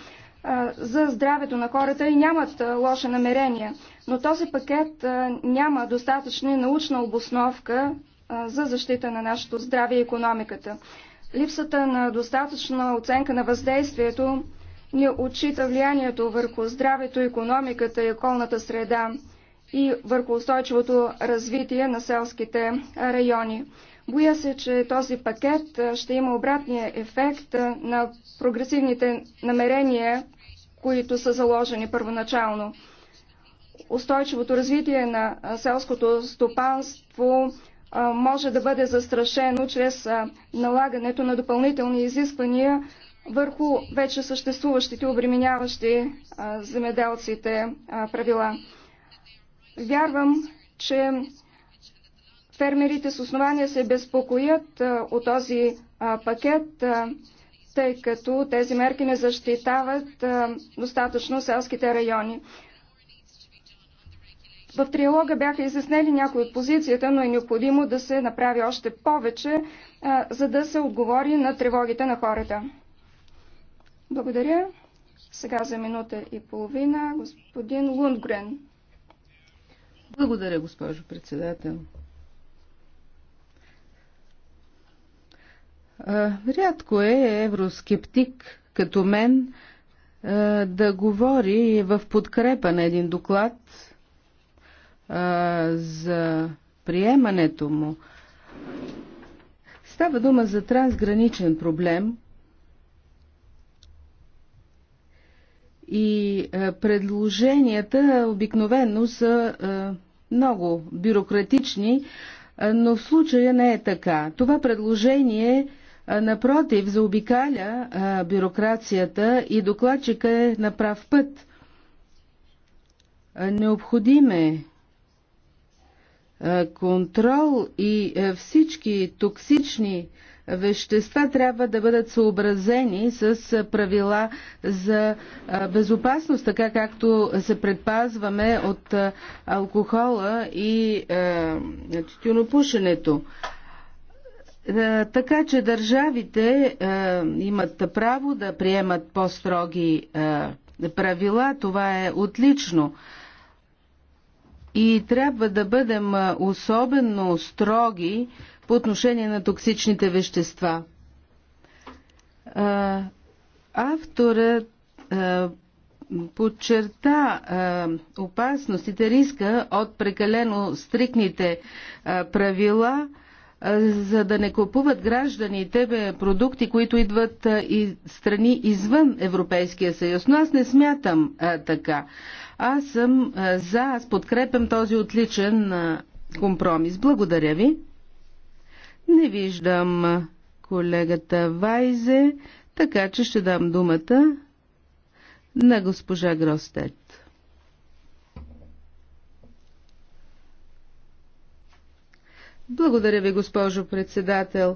за здравето на хората и нямат лоши намерения. Но този пакет няма достатъчна научна обосновка за защита на нашето здраве и економиката. Липсата на достатъчна оценка на въздействието не отчита влиянието върху здравето, економиката и околната среда и върху устойчивото развитие на селските райони. Боя се, че този пакет ще има обратния ефект на прогресивните намерения които са заложени първоначално. Устойчивото развитие на селското стопанство може да бъде застрашено чрез налагането на допълнителни изисквания върху вече съществуващите, обременяващи земеделците правила. Вярвам, че фермерите с основания се безпокоят от този пакет, тъй като тези мерки не защитават достатъчно селските райони. В триалога бяха изяснени някои от позицията, но е необходимо да се направи още повече, за да се отговори на тревогите на хората. Благодаря. Сега за минута и половина господин Лундгрен. Благодаря, госпожо председател. Е, рядко е евроскептик като мен е, да говори в подкрепа на един доклад е, за приемането му. Става дума за трансграничен проблем и предложенията обикновено са много бюрократични, но в случая не е така. Това предложение е Напротив, заобикаля бюрокрацията и докладчика е на прав път. Необходим е контрол и всички токсични вещества трябва да бъдат съобразени с правила за безопасност, така както се предпазваме от алкохола и тютюнопушенето. Е, така че държавите е, имат право да приемат по-строги е, правила. Това е отлично. И трябва да бъдем особено строги по отношение на токсичните вещества. Авторът подчерта опасностите, риска от прекалено стрикните правила – за да не купуват гражданите продукти, които идват и страни извън Европейския съюз. Но аз не смятам а, така. Аз съм а, за, аз подкрепям този отличен а, компромис. Благодаря ви. Не виждам колегата Вайзе, така че ще дам думата на госпожа Гростет. Благодаря ви, госпожо председател.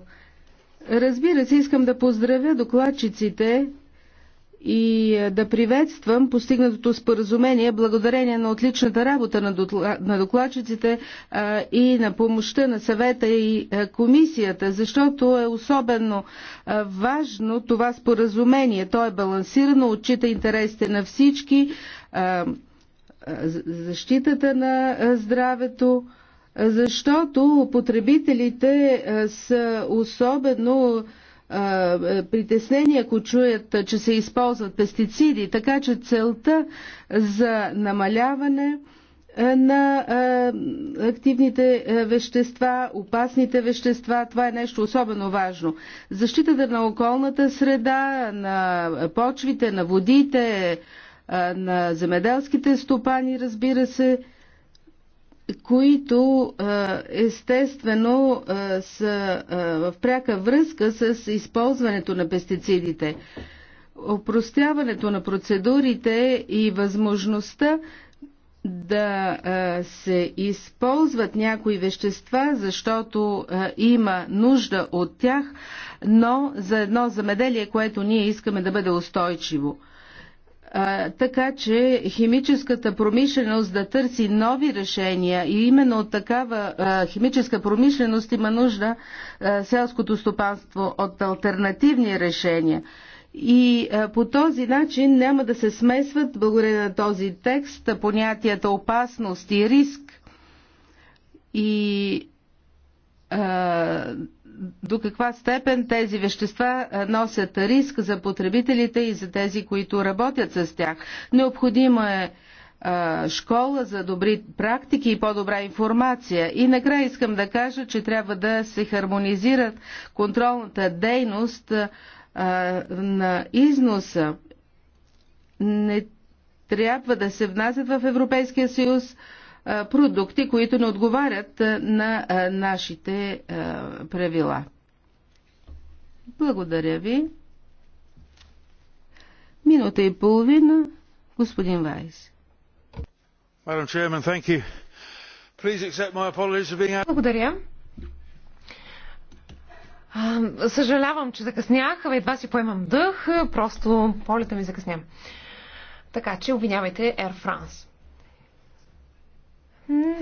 Разбира се, искам да поздравя докладчиците и е, да приветствам постигнатото споразумение благодарение на отличната работа на докладчиците е, и на помощта на съвета и е, комисията, защото е особено важно това споразумение. То е балансирано, отчита интересите на всички, защитата на здравето защото потребителите са особено притеснени, ако чуят, че се използват пестициди. Така че целта за намаляване на активните вещества, опасните вещества. Това е нещо особено важно. Защитата на околната среда, на почвите, на водите, на земеделските стопани, разбира се, които естествено са в пряка връзка с използването на пестицидите. Опростяването на процедурите и възможността да се използват някои вещества, защото има нужда от тях, но за едно замеделие, което ние искаме да бъде устойчиво така че химическата промишленост да търси нови решения и именно от такава химическа промишленост има нужда селското стопанство от альтернативни решения. И по този начин няма да се смесват, благодаря на този текст, понятията опасност и риск. И до каква степен тези вещества носят риск за потребителите и за тези, които работят с тях. Необходимо е школа за добри практики и по-добра информация. И накрая искам да кажа, че трябва да се хармонизират контролната дейност на износа. Не трябва да се внасят в Европейския съюз продукти, които не отговарят на нашите правила. Благодаря ви. Минута и половина, господин Вайс. Благодаря. Съжалявам, че закъснях. Ами едва си поемам дъх. Просто полета ми закъсням. Така че обвинявайте Air France.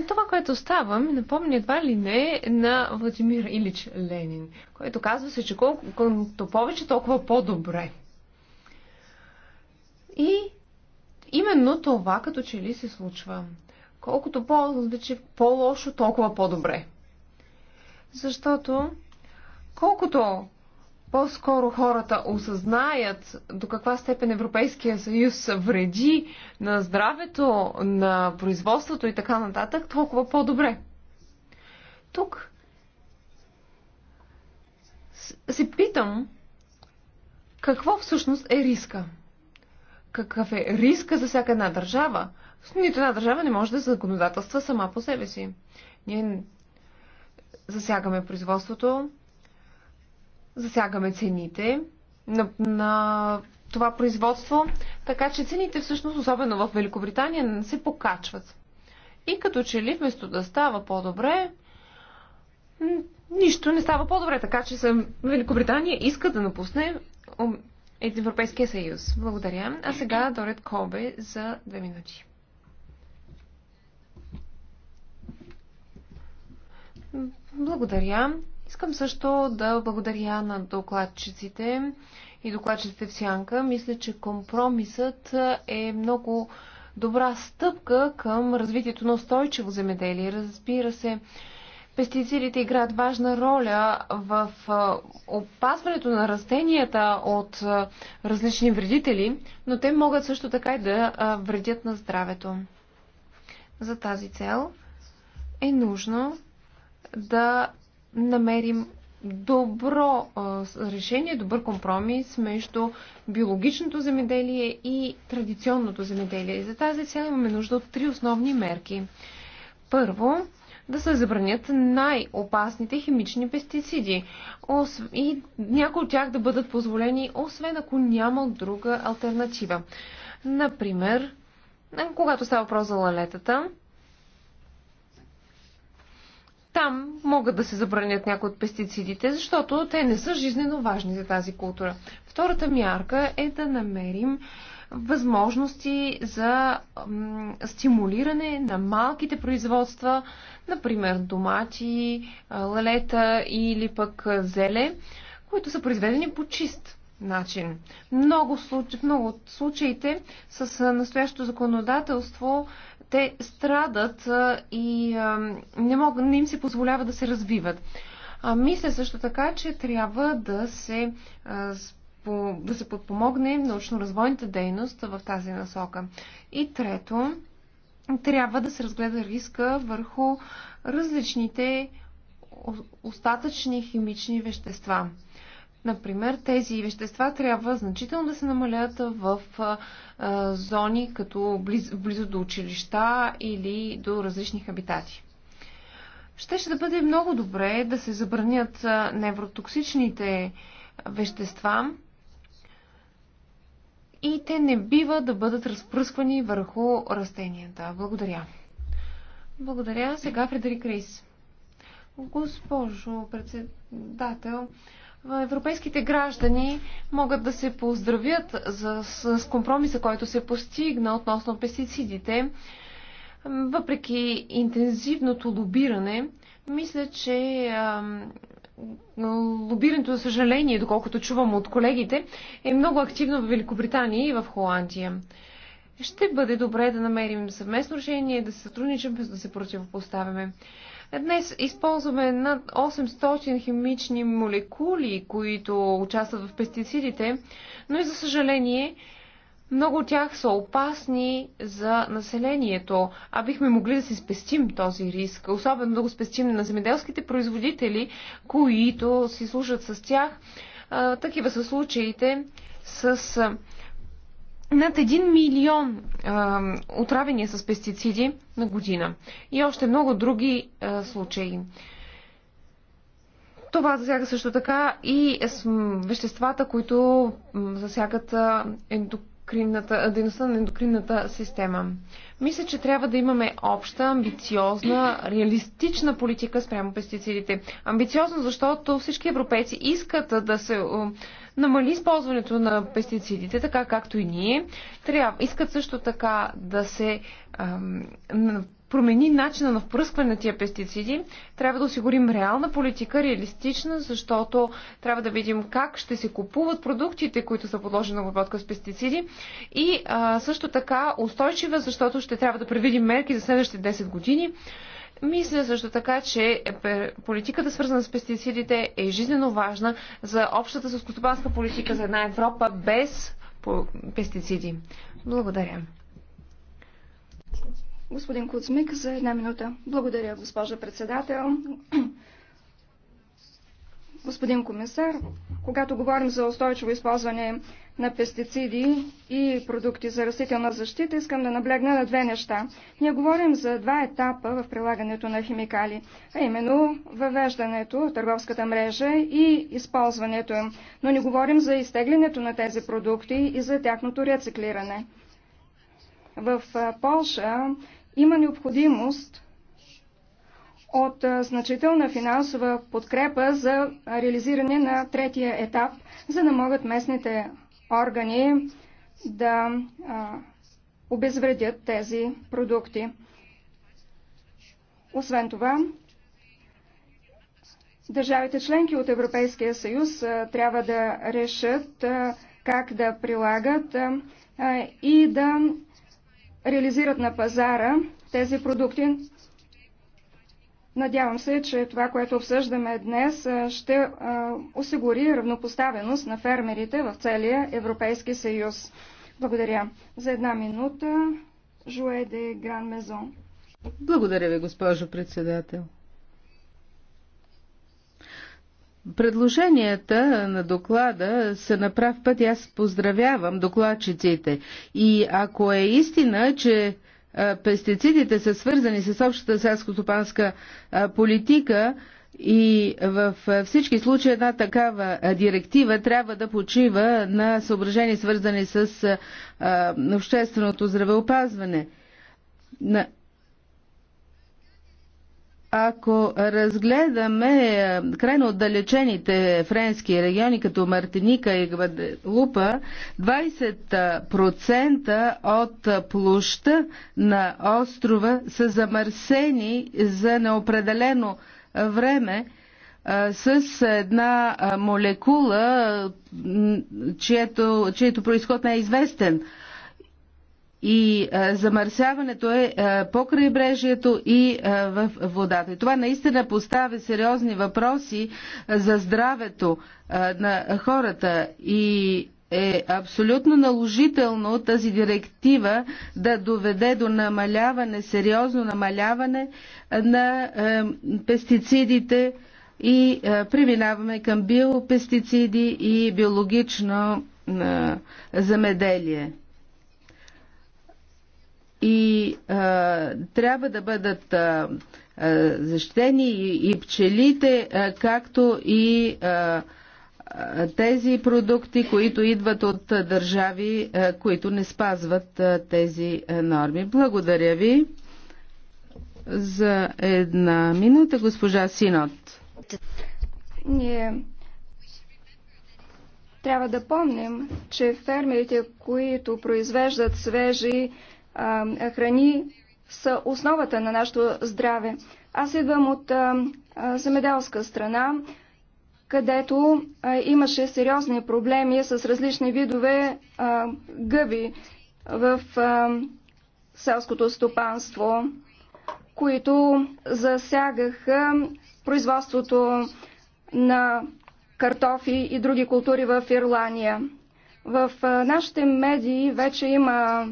Това, което става, ми напомня едва ли не на Владимир Илич Ленин, който казва се, че колкото повече, толкова по-добре. И именно това като че ли се случва. Колкото по-вече по-лошо, толкова по-добре. Защото колкото по-скоро хората осъзнаят до каква степен Европейския съюз вреди на здравето, на производството и така нататък, толкова по-добре. Тук се питам какво всъщност е риска. Какъв е риска за всяка една държава? Нито една държава не може да законодателства сама по себе си. Ние засягаме производството, засягаме цените на, на това производство, така че цените всъщност, особено в Великобритания, не се покачват. И като че ли вместо да става по-добре, нищо не става по-добре, така че съм... Великобритания иска да напусне е, Европейския съюз. Благодаря. А сега Дорет Кобе за две минути. Благодаря. Искам също да благодаря на докладчиците и докладчиците в сянка. Мисля, че компромисът е много добра стъпка към развитието на устойчиво земеделие. Разбира се, пестицидите играят важна роля в опазването на растенията от различни вредители, но те могат също така и да вредят на здравето. За тази цел е нужно да намерим добро решение, добър компромис между биологичното земеделие и традиционното земеделие. И за тази цел имаме нужда от три основни мерки. Първо, да се забранят най-опасните химични пестициди и някои от тях да бъдат позволени, освен ако няма друга альтернатива. Например, когато става въпрос за лалетата, там могат да се забранят някои от пестицидите, защото те не са жизненно важни за тази култура. Втората мярка е да намерим възможности за стимулиране на малките производства, например домати, лалета или пък зеле, които са произведени по чист начин. Много много от случаите с настоящото законодателство те страдат и не, мог, не им се позволява да се развиват. А, мисля също така, че трябва да се, да се подпомогне научно-развойната дейност в тази насока. И трето, трябва да се разгледа риска върху различните остатъчни химични вещества. Например, тези вещества трябва значително да се намалят в а, зони като близо, близо до училища или до различни хабитати. Ще ще да бъде много добре да се забранят невротоксичните вещества и те не бива да бъдат разпръсквани върху растенията. Благодаря. Благодаря. Сега Фредерик Рейс. Госпожо председател, европейските граждани могат да се поздравят за, с компромиса, който се постигна относно пестицидите. Въпреки интензивното лобиране, мисля, че лобирането, за съжаление, доколкото чувам от колегите, е много активно в Великобритания и в Холандия. Ще бъде добре да намерим съвместно решение, да се сътрудничим, да се противопоставяме. Днес използваме над 800 химични молекули, които участват в пестицидите, но и за съжаление много от тях са опасни за населението, а бихме могли да си спестим този риск, особено да го спестим на земеделските производители, които си служат с тях. Такива са случаите с над 1 милион а, отравения с пестициди на година и още много други а, случаи. Това засяга също така и веществата, които засягат дейността на ендокринната система. Мисля, че трябва да имаме обща, амбициозна, реалистична политика спрямо пестицидите. Амбициозно, защото всички европейци искат да се намали използването на пестицидите, така както и ние. Трябва, искат също така да се ам, промени начина на впръскване на тия пестициди. Трябва да осигурим реална политика, реалистична, защото трябва да видим как ще се купуват продуктите, които са подложени на обработка с пестициди. И а, също така устойчива, защото ще трябва да предвидим мерки за следващите 10 години. Мисля също така, че политиката свързана с пестицидите е жизненно важна за общата съскостопанска политика за една Европа без пестициди. Благодаря. Господин Куцмик, за една минута. Благодаря, госпожа председател. Господин комисар, когато говорим за устойчиво използване на пестициди и продукти за растителна защита, искам да наблегна на две неща. Ние говорим за два етапа в прилагането на химикали, а именно въвеждането, търговската мрежа и използването им. Но не говорим за изтеглянето на тези продукти и за тяхното рециклиране. В Полша има необходимост от значителна финансова подкрепа за реализиране на третия етап, за да могат местните органи да обезвредят тези продукти. Освен това, държавите членки от Европейския съюз трябва да решат как да прилагат и да реализират на пазара тези продукти Надявам се, че това, което обсъждаме днес, ще осигури равнопоставеност на фермерите в целия Европейски съюз. Благодаря. За една минута Жуе де Гран Мезон. Благодаря ви, госпожо председател. Предложенията на доклада са на прав път. Аз поздравявам докладчиците. И ако е истина, че пестицидите са свързани с общата селско-стопанска политика и в всички случаи една такава директива трябва да почива на съображения свързани с общественото здравеопазване. Ако разгледаме е, крайно отдалечените френски региони, като Мартиника и Гваделупа, 20% от площа на острова са замърсени за неопределено време е, с една е, молекула, чието, чието происход не е известен и замърсяването е по крайбрежието и в водата. И това наистина поставя сериозни въпроси за здравето на хората и е абсолютно наложително тази директива да доведе до намаляване, сериозно намаляване на пестицидите и преминаваме към биопестициди и биологично замеделие и а, трябва да бъдат а, а, защитени и, и пчелите, а, както и а, а, тези продукти, които идват от а, държави, а, които не спазват а, тези а, норми. Благодаря ви за една минута, госпожа Синот. Ние трябва да помним, че фермерите, които произвеждат свежи храни са основата на нашето здраве. Аз идвам от земеделска страна, където имаше сериозни проблеми с различни видове гъби в селското стопанство, които засягаха производството на картофи и други култури в Ирландия. В нашите медии вече има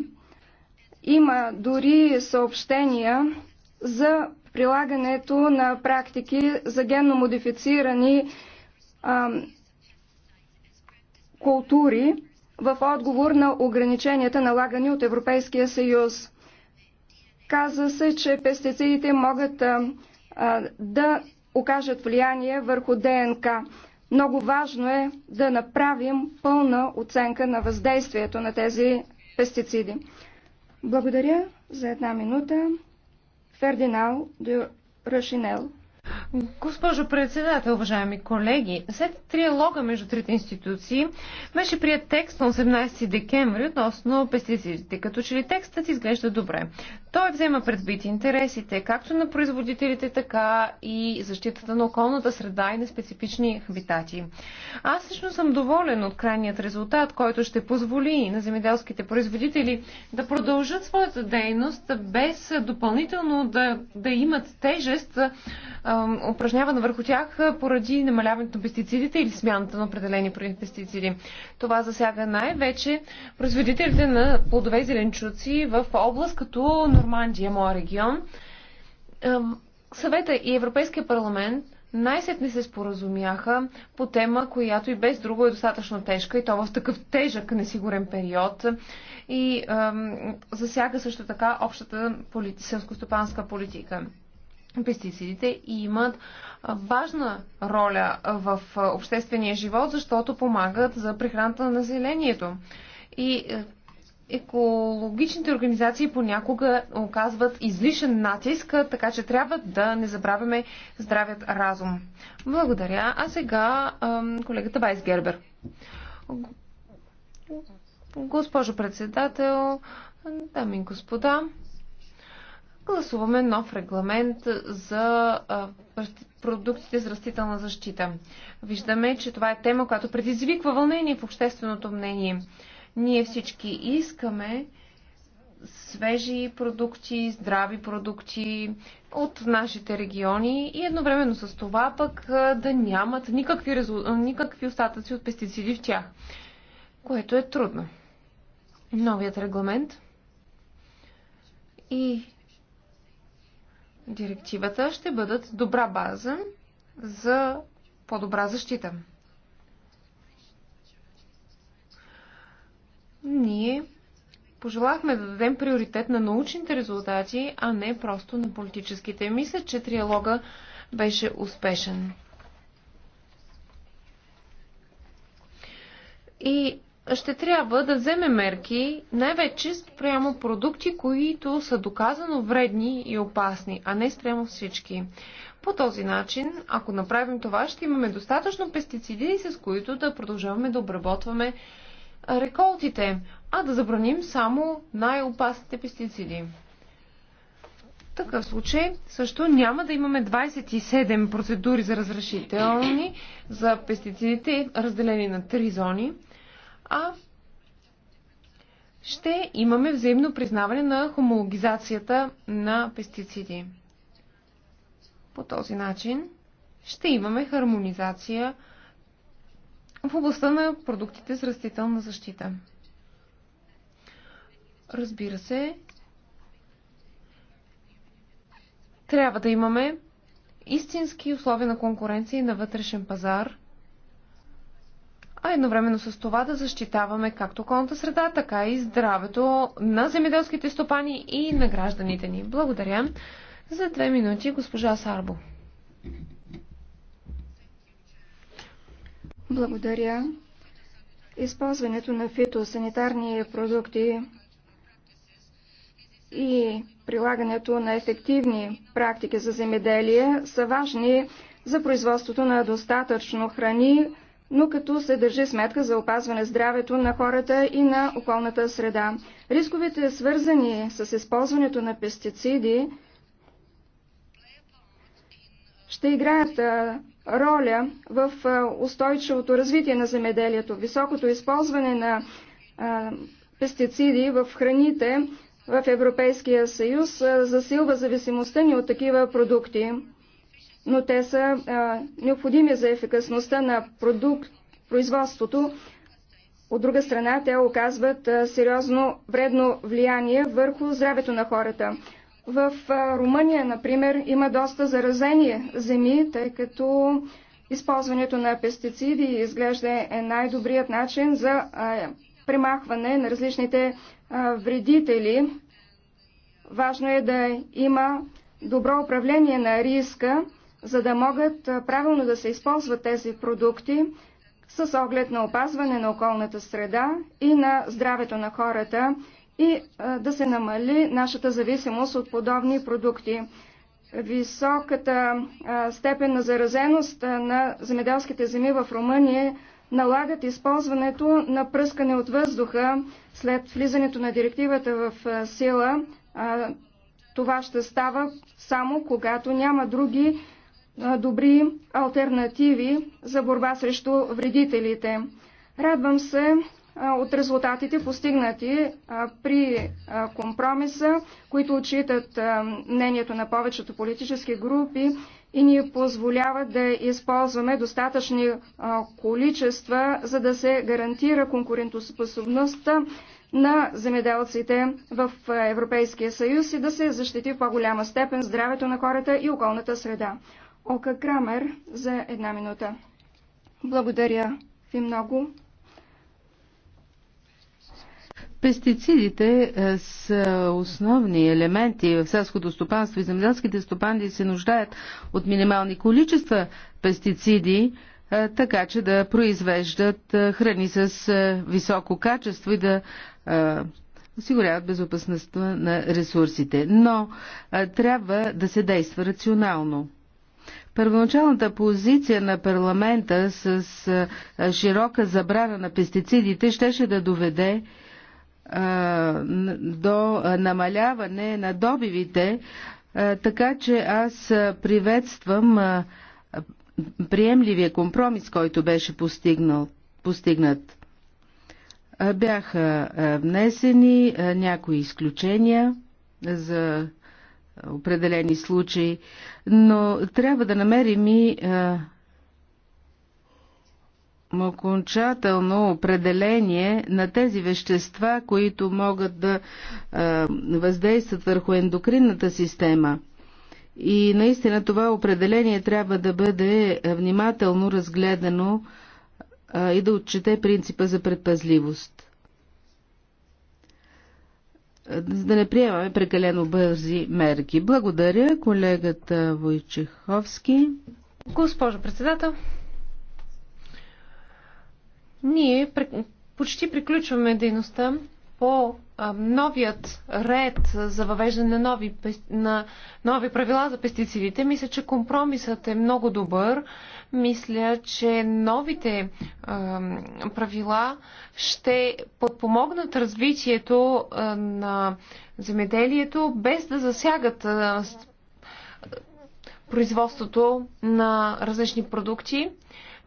има дори съобщения за прилагането на практики за генно модифицирани а, култури в отговор на ограниченията налагани от Европейския съюз. Каза се, че пестицидите могат а, а, да окажат влияние върху ДНК. Много важно е да направим пълна оценка на въздействието на тези пестициди. Благодаря за една минута. Фердинал Дю Рашинел. Госпожо председател, уважаеми колеги, след триалога между трите институции беше прият текст на 18 декември относно пестицидите, като че ли текстът изглежда добре. Той взема предвид интересите както на производителите, така и защитата на околната среда и на специфични хабитати. Аз лично съм доволен от крайният резултат, който ще позволи на земеделските производители да продължат своята дейност без допълнително да, да имат тежест упражнявана върху тях поради намаляването на пестицидите или смяната на определени пестициди. Това засяга най-вече производителите на плодове и зеленчуци в област като Нормандия, моя регион. Съвета и Европейския парламент най-сетне се споразумяха по тема, която и без друго е достатъчно тежка и то в такъв тежък, несигурен период и ем, засяга също така общата полит... селско-стопанска политика пестицидите имат важна роля в обществения живот, защото помагат за прехраната на населението. И е, екологичните организации понякога оказват излишен натиск, така че трябва да не забравяме здравият разум. Благодаря. А сега колегата Байс Гербер. Госпожо председател, дами и господа, гласуваме нов регламент за продуктите с растителна защита. Виждаме, че това е тема, която предизвиква вълнение в общественото мнение. Ние всички искаме свежи продукти, здрави продукти от нашите региони и едновременно с това пък да нямат никакви, резу... никакви остатъци от пестициди в тях, което е трудно. Новият регламент и директивата ще бъдат добра база за по-добра защита. Ние пожелахме да дадем приоритет на научните резултати, а не просто на политическите. Мисля, че триалога беше успешен. И ще трябва да вземе мерки най-вече спрямо продукти, които са доказано вредни и опасни, а не спрямо всички. По този начин, ако направим това, ще имаме достатъчно пестициди, с които да продължаваме да обработваме реколтите, а да забраним само най-опасните пестициди. В такъв случай също няма да имаме 27 процедури за разрешителни за пестицидите, разделени на 3 зони – а ще имаме взаимно признаване на хомологизацията на пестициди. По този начин ще имаме хармонизация в областта на продуктите с растителна защита. Разбира се, трябва да имаме истински условия на конкуренция и на вътрешен пазар – а едновременно с това да защитаваме както околната среда, така и здравето на земеделските стопани и на гражданите ни. Благодаря. За две минути госпожа Сарбо. Благодаря. Използването на фитосанитарни продукти и прилагането на ефективни практики за земеделие са важни за производството на достатъчно храни, но като се държи сметка за опазване здравето на хората и на околната среда. Рисковете, свързани с използването на пестициди, ще играят роля в устойчивото развитие на земеделието. Високото използване на пестициди в храните в Европейския съюз засилва зависимостта ни от такива продукти но те са а, необходими за ефикасността на продукт, производството. От друга страна, те оказват а, сериозно вредно влияние върху здравето на хората. В а, Румъния, например, има доста заразени земи, тъй като използването на пестициди изглежда е най-добрият начин за а, примахване на различните а, вредители. Важно е да има добро управление на риска, за да могат правилно да се използват тези продукти с оглед на опазване на околната среда и на здравето на хората и да се намали нашата зависимост от подобни продукти. Високата степен на заразеност на земеделските земи в Румъния налагат използването на пръскане от въздуха след влизането на директивата в сила. Това ще става само когато няма други добри альтернативи за борба срещу вредителите. Радвам се от резултатите постигнати при компромиса, които отчитат мнението на повечето политически групи и ни позволяват да използваме достатъчни количества, за да се гарантира конкурентоспособността на земеделците в Европейския съюз и да се защити в по-голяма степен здравето на хората и околната среда. Ока Крамер за една минута. Благодаря ви много. Пестицидите е, са основни елементи в селското стопанство и земеделските стопани се нуждаят от минимални количества пестициди, е, така че да произвеждат е, храни с високо качество и да осигуряват безопасността на ресурсите. Но трябва да се действа рационално. Първоначалната позиция на парламента с широка забрана на пестицидите щеше да доведе до намаляване на добивите, така че аз приветствам приемливия компромис, който беше постигнал, постигнат. Бяха внесени някои изключения за определени случаи, но трябва да намерим и окончателно определение на тези вещества, които могат да а, въздействат върху ендокринната система. И наистина това определение трябва да бъде внимателно разгледано а, и да отчете принципа за предпазливост. За да не приемаме прекалено бързи мерки. Благодаря колегата Войчеховски. Госпожо председател, ние почти приключваме дейността по новият ред за въвеждане на нови, на нови правила за пестицидите, мисля, че компромисът е много добър. Мисля, че новите а, правила ще подпомогнат развитието а, на земеделието, без да засягат а, производството на различни продукти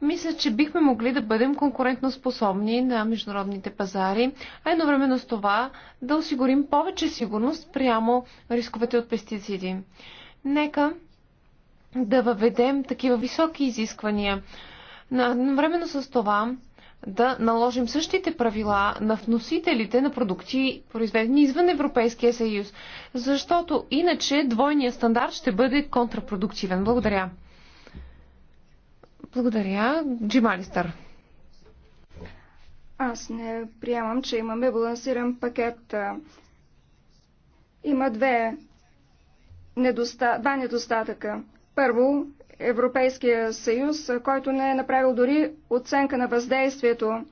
мисля, че бихме могли да бъдем конкурентоспособни на международните пазари, а едновременно с това да осигурим повече сигурност прямо рисковете от пестициди. Нека да въведем такива високи изисквания. Едновременно с това да наложим същите правила на вносителите на продукти, произведени извън Европейския съюз, защото иначе двойният стандарт ще бъде контрапродуктивен. Благодаря. Благодаря. Джималистър. Аз не приемам, че имаме балансиран пакет. Има две недоста... два недостатъка. Първо, Европейския съюз, който не е направил дори оценка на въздействието,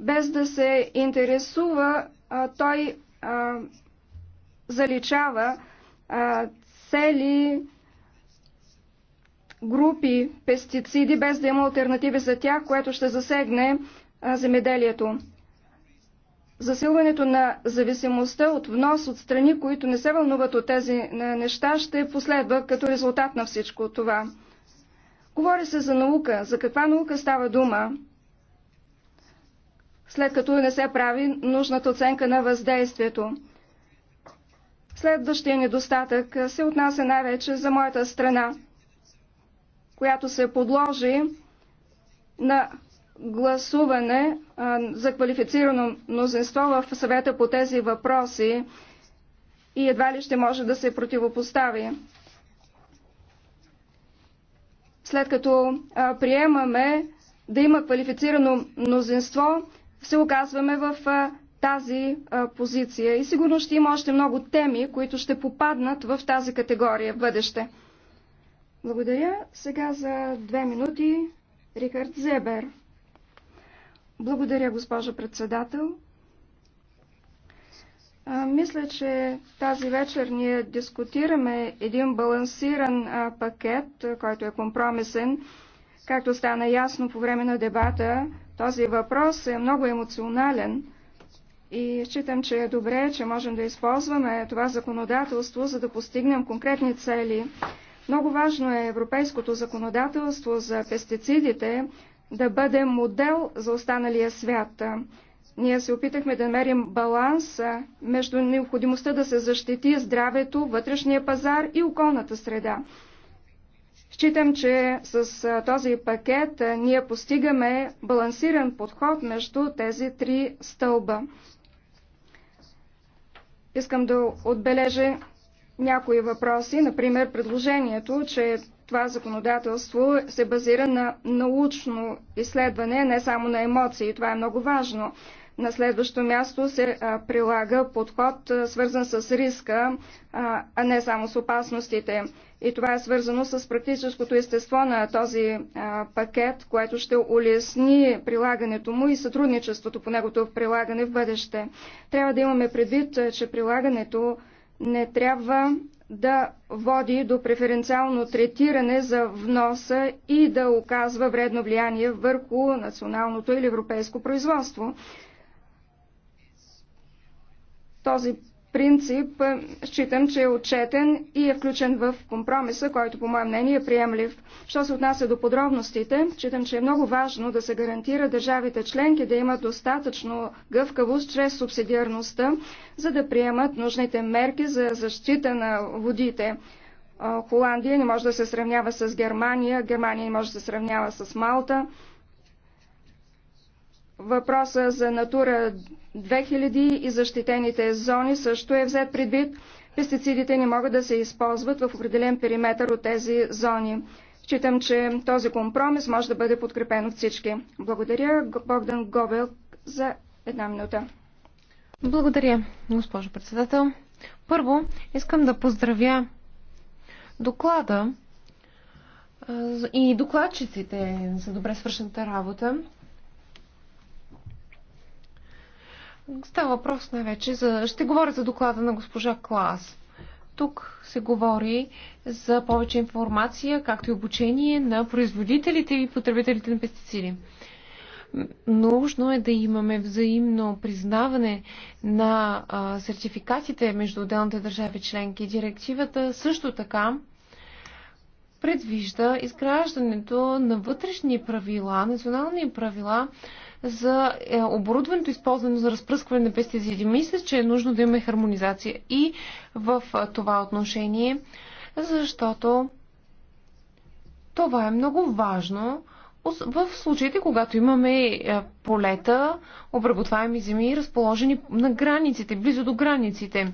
без да се интересува, той а, заличава а, цели, групи пестициди, без да има альтернативи за тях, което ще засегне земеделието. Засилването на зависимостта от внос от страни, които не се вълнуват от тези неща, ще последва като резултат на всичко това. Говори се за наука. За каква наука става дума? След като не се прави нужната оценка на въздействието. Следващия недостатък се отнася най-вече за моята страна която се подложи на гласуване за квалифицирано мнозинство в съвета по тези въпроси и едва ли ще може да се противопостави. След като приемаме да има квалифицирано мнозинство, се оказваме в тази позиция и сигурно ще има още много теми, които ще попаднат в тази категория в бъдеще. Благодаря. Сега за две минути Рихард Зебер. Благодаря, госпожо председател. Мисля, че тази вечер ние дискутираме един балансиран пакет, който е компромисен. Както стана ясно по време на дебата, този въпрос е много емоционален и считам, че е добре, че можем да използваме това законодателство, за да постигнем конкретни цели. Много важно е европейското законодателство за пестицидите да бъде модел за останалия свят. Ние се опитахме да намерим баланс между необходимостта да се защити здравето, вътрешния пазар и околната среда. Считам, че с този пакет ние постигаме балансиран подход между тези три стълба. Искам да отбележа някои въпроси, например предложението, че това законодателство се базира на научно изследване, не само на емоции. Това е много важно. На следващо място се прилага подход, свързан с риска, а не само с опасностите. И това е свързано с практическото естество на този пакет, което ще улесни прилагането му и сътрудничеството по неговото прилагане в бъдеще. Трябва да имаме предвид, че прилагането не трябва да води до преференциално третиране за вноса и да оказва вредно влияние върху националното или европейско производство. Този принцип е, считам, че е отчетен и е включен в компромиса, който по мое мнение е приемлив. Що се отнася до подробностите, считам, че е много важно да се гарантира държавите членки да имат достатъчно гъвкавост чрез субсидиарността, за да приемат нужните мерки за защита на водите. Е, Холандия не може да се сравнява с Германия, Германия не може да се сравнява с Малта. Въпроса за Натура 2000 и защитените зони също е взет предвид. Пестицидите не могат да се използват в определен периметър от тези зони. Считам, че този компромис може да бъде подкрепен от всички. Благодаря Богдан Гобел за една минута. Благодаря, госпожо председател. Първо, искам да поздравя доклада и докладчиците за добре свършената работа. Става въпрос най-вече за... Ще говоря за доклада на госпожа Клас. Тук се говори за повече информация, както и обучение на производителите и потребителите на пестициди. Нужно е да имаме взаимно признаване на сертификатите между отделните държави членки. Директивата също така предвижда изграждането на вътрешни правила, национални правила за е, оборудването, използвано за разпръскване на пестициди. Мисля, че е нужно да имаме хармонизация и в това отношение, защото това е много важно в случаите, когато имаме е, полета, обработваеми земи, разположени на границите, близо до границите.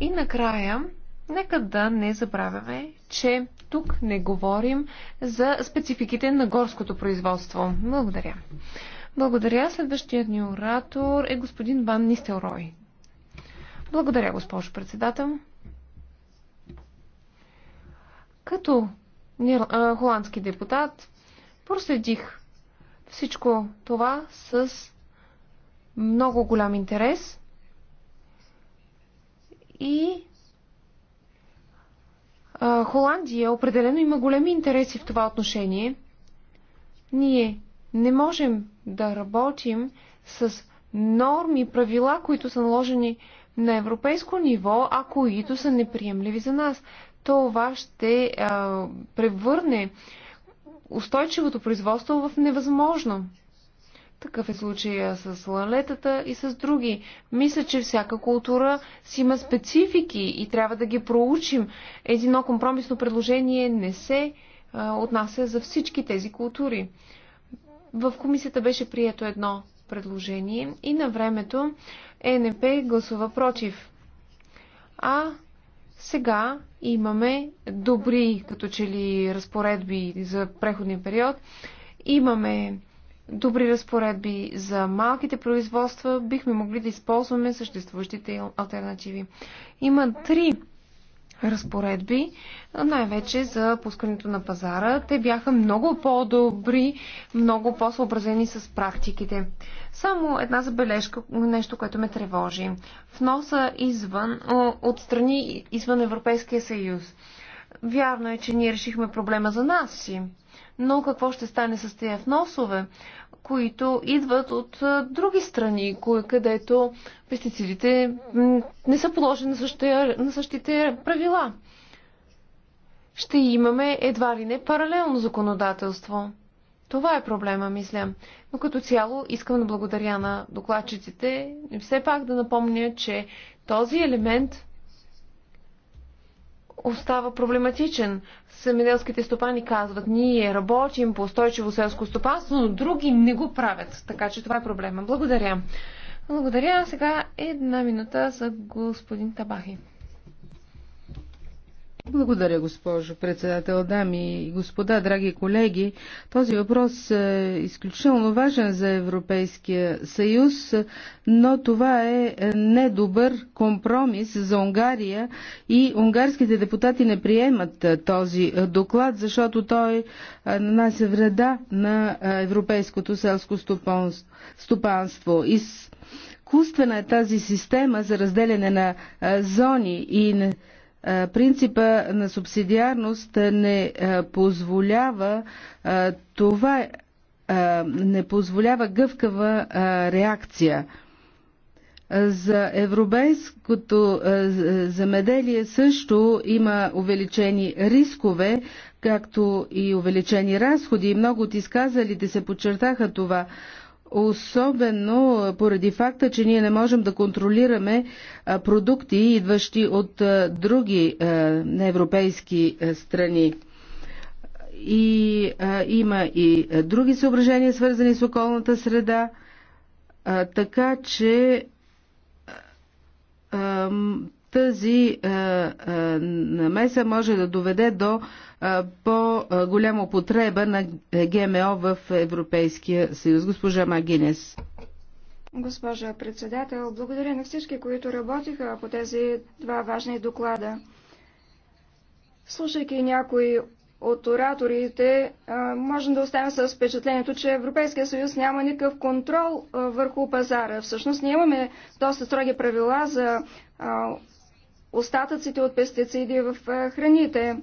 И накрая, нека да не забравяме, че тук не говорим за спецификите на горското производство. Благодаря. Благодаря. Следващият ни оратор е господин Бан Нистелрой. Благодаря, госпожо председател. Като холандски депутат проследих всичко това с много голям интерес и Холандия определено има големи интереси в това отношение. Ние не можем да работим с норми, правила, които са наложени на европейско ниво, а които са неприемливи за нас. Това ще а, превърне устойчивото производство в невъзможно. Такъв е случая с лалетата и с други. Мисля, че всяка култура си има специфики и трябва да ги проучим. Едино компромисно предложение не се а, отнася за всички тези култури. В комисията беше прието едно предложение и на времето ЕНП гласува против. А сега имаме добри, като че ли, разпоредби за преходния период. Имаме добри разпоредби за малките производства. Бихме могли да използваме съществуващите альтернативи. Има три разпоредби, най-вече за пускането на пазара. Те бяха много по-добри, много по-съобразени с практиките. Само една забележка, нещо, което ме тревожи. Вноса извън, от страни извън Европейския съюз. Вярно е, че ние решихме проблема за нас си. Но какво ще стане с тези вносове? които идват от други страни, където пестицидите не са положени на същите, на същите правила. Ще имаме едва ли не паралелно законодателство. Това е проблема, мисля. Но като цяло искам да благодаря на докладчиците и все пак да напомня, че този елемент остава проблематичен. Семеделските стопани казват, ние работим по устойчиво селско стопанство, но други не го правят. Така че това е проблема. Благодаря. Благодаря. Сега една минута за господин Табахи. Благодаря, госпожо председател. Дами и господа, драги колеги, този въпрос е изключително важен за Европейския съюз, но това е недобър компромис за Унгария и унгарските депутати не приемат този доклад, защото той нанася вреда на европейското селско стопанство. Изкуствена е тази система за разделяне на зони и на принципа на субсидиарност не позволява това не позволява гъвкава реакция. За европейското замеделие също има увеличени рискове, както и увеличени разходи. Много от изказалите се подчертаха това особено поради факта, че ние не можем да контролираме продукти, идващи от други неевропейски страни. И а, има и други съображения, свързани с околната среда, а, така че тази е, е, намеса може да доведе до е, по-голяма употреба на ГМО в Европейския съюз. Госпожа Магинес. Госпожа председател, благодаря на всички, които работиха по тези два важни доклада. Слушайки някои от ораторите, можем да оставим с впечатлението, че Европейския съюз няма никакъв контрол върху пазара. Всъщност ние имаме доста строги правила за остатъците от пестициди в храните.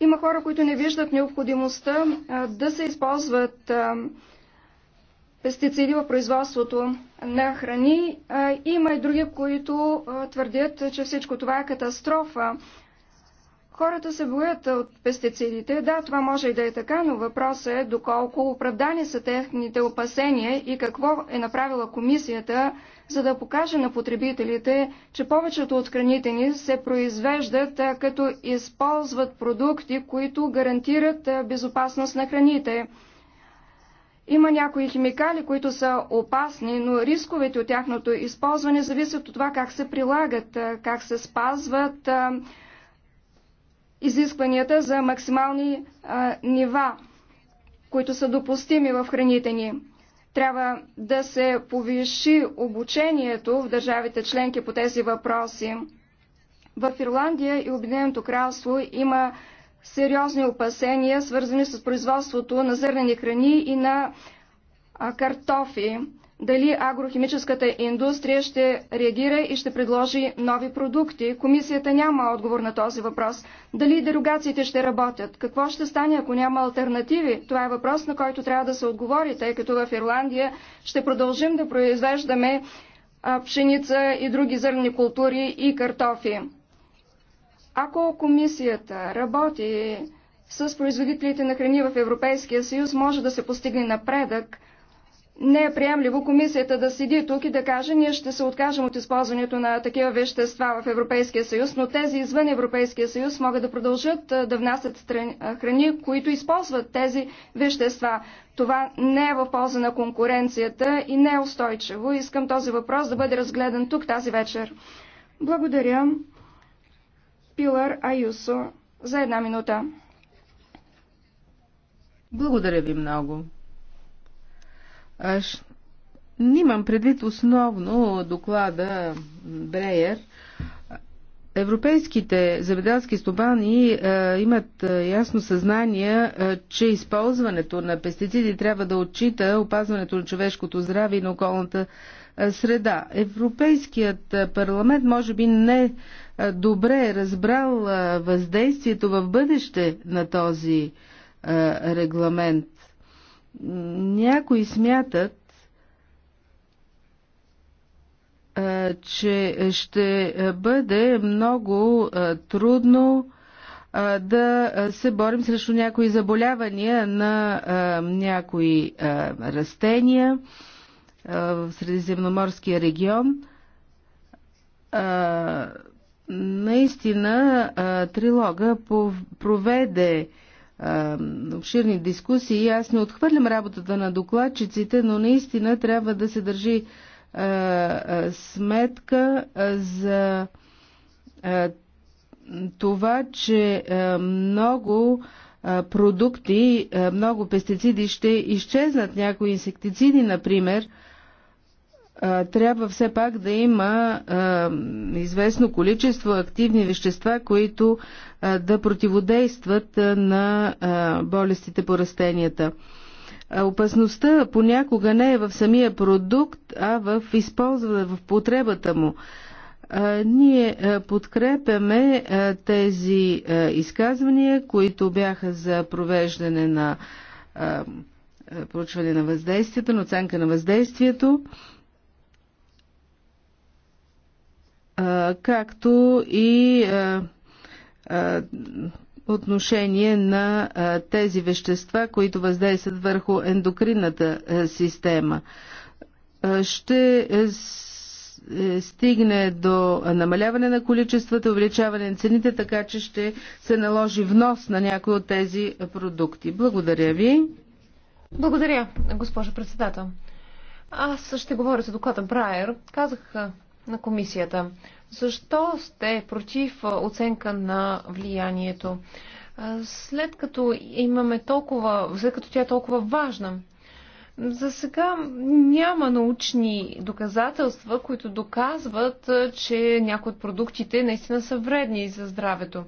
Има хора, които не виждат необходимостта да се използват пестициди в производството на храни. Има и други, които твърдят, че всичко това е катастрофа. Хората се боят от пестицидите. Да, това може и да е така, но въпросът е доколко оправдани са техните опасения и какво е направила комисията, за да покаже на потребителите, че повечето от храните ни се произвеждат, като използват продукти, които гарантират безопасност на храните. Има някои химикали, които са опасни, но рисковете от тяхното използване зависят от това как се прилагат, как се спазват изискванията за максимални а, нива, които са допустими в храните ни. Трябва да се повиши обучението в държавите членки по тези въпроси. В Ирландия и Обединеното кралство има сериозни опасения, свързани с производството на зърнени храни и на а, картофи дали агрохимическата индустрия ще реагира и ще предложи нови продукти. Комисията няма отговор на този въпрос. Дали дерогациите ще работят? Какво ще стане, ако няма альтернативи? Това е въпрос, на който трябва да се отговори, тъй като в Ирландия ще продължим да произвеждаме пшеница и други зърни култури и картофи. Ако комисията работи с производителите на храни в Европейския съюз, може да се постигне напредък – не е приемливо комисията да седи тук и да каже, ние ще се откажем от използването на такива вещества в Европейския съюз, но тези извън Европейския съюз могат да продължат да внасят храни, които използват тези вещества. Това не е в полза на конкуренцията и не е устойчиво. Искам този въпрос да бъде разгледан тук тази вечер. Благодаря. Пилар Аюсо за една минута. Благодаря ви много. Аз Нимам предвид основно доклада Бреер. Европейските земеделски стопани е, имат е, ясно съзнание, е, че използването на пестициди трябва да отчита опазването на човешкото здраве и на околната е, среда. Европейският парламент може би не е, добре е разбрал въздействието в бъдеще на този е, регламент някои смятат, че ще бъде много трудно да се борим срещу някои заболявания на някои растения в Средиземноморския регион. Наистина трилога проведе обширни дискусии. Аз не отхвърлям работата на докладчиците, но наистина трябва да се държи сметка за това, че много продукти, много пестициди ще изчезнат, някои инсектициди, например, трябва все пак да има известно количество активни вещества, които да противодействат на болестите по растенията. Опасността понякога не е в самия продукт, а в използване, в потребата му. Ние подкрепяме тези изказвания, които бяха за провеждане на проучване на въздействието, на оценка на въздействието. както и отношение на тези вещества, които въздействат върху ендокринната система. Ще е, е, стигне до намаляване на количествата, увеличаване на цените, така че ще се наложи внос на някои от тези продукти. Благодаря ви. Благодаря, госпожо председател. Аз ще говоря за доклада Брайер. Казах на комисията. Защо сте против оценка на влиянието? След като имаме толкова, след като тя е толкова важна, за сега няма научни доказателства, които доказват, че някои от продуктите наистина са вредни за здравето.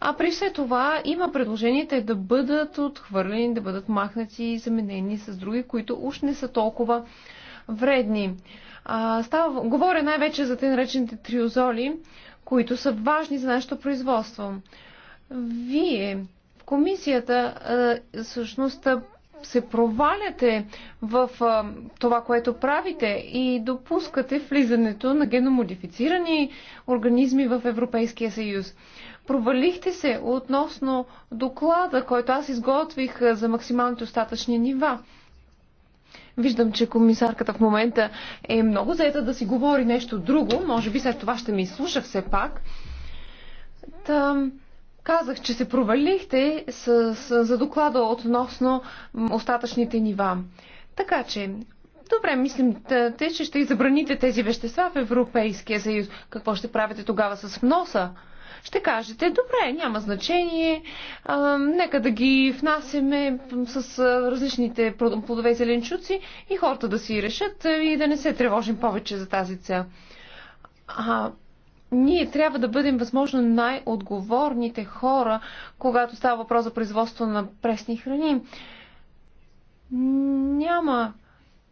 А при все това има предложенията да бъдат отхвърлени, да бъдат махнати и заменени с други, които уж не са толкова вредни. А, става, говоря най-вече за те наречените триозоли, които са важни за нашето производство. Вие в комисията а, всъщност се проваляте в а, това, което правите и допускате влизането на геномодифицирани организми в Европейския съюз. Провалихте се относно доклада, който аз изготвих за максималните остатъчни нива. Виждам, че комисарката в момента е много заета да си говори нещо друго. Може би след това ще ми слуша все пак. Та, казах, че се провалихте с, с, за доклада относно остатъчните нива. Така че, добре, мислим, те, че ще забраните тези вещества в Европейския съюз. Какво ще правите тогава с вноса? ще кажете, добре, няма значение, а, нека да ги внасяме с различните плодове и зеленчуци и хората да си решат и да не се тревожим повече за тази цел. А, ние трябва да бъдем възможно най-отговорните хора, когато става въпрос за производство на пресни храни. Няма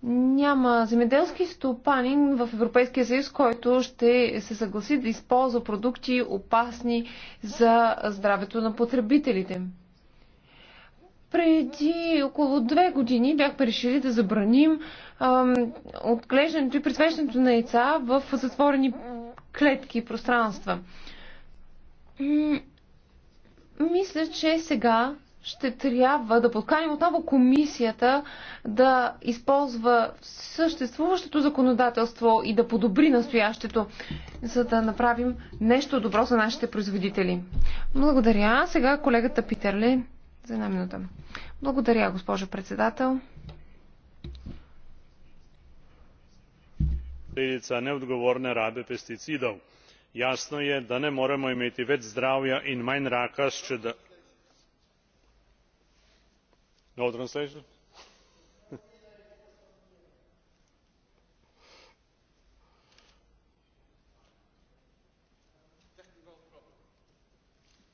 няма земеделски стопанин в Европейския съюз, който ще се съгласи да използва продукти опасни за здравето на потребителите. Преди около две години бяхме решили да забраним ам, отглеждането и присвещането на яйца в затворени клетки и пространства. Мисля, че сега ще трябва да подканим отново комисията да използва съществуващото законодателство и да подобри настоящето, за да направим нещо добро за нашите производители. Благодаря. Сега колегата Питерли за една минута. Благодаря, госпожо председател. Е, не отговорна rabe pesticidov. Jasno je, da ne moremo imeti več zdravja in manj raka, če no translation?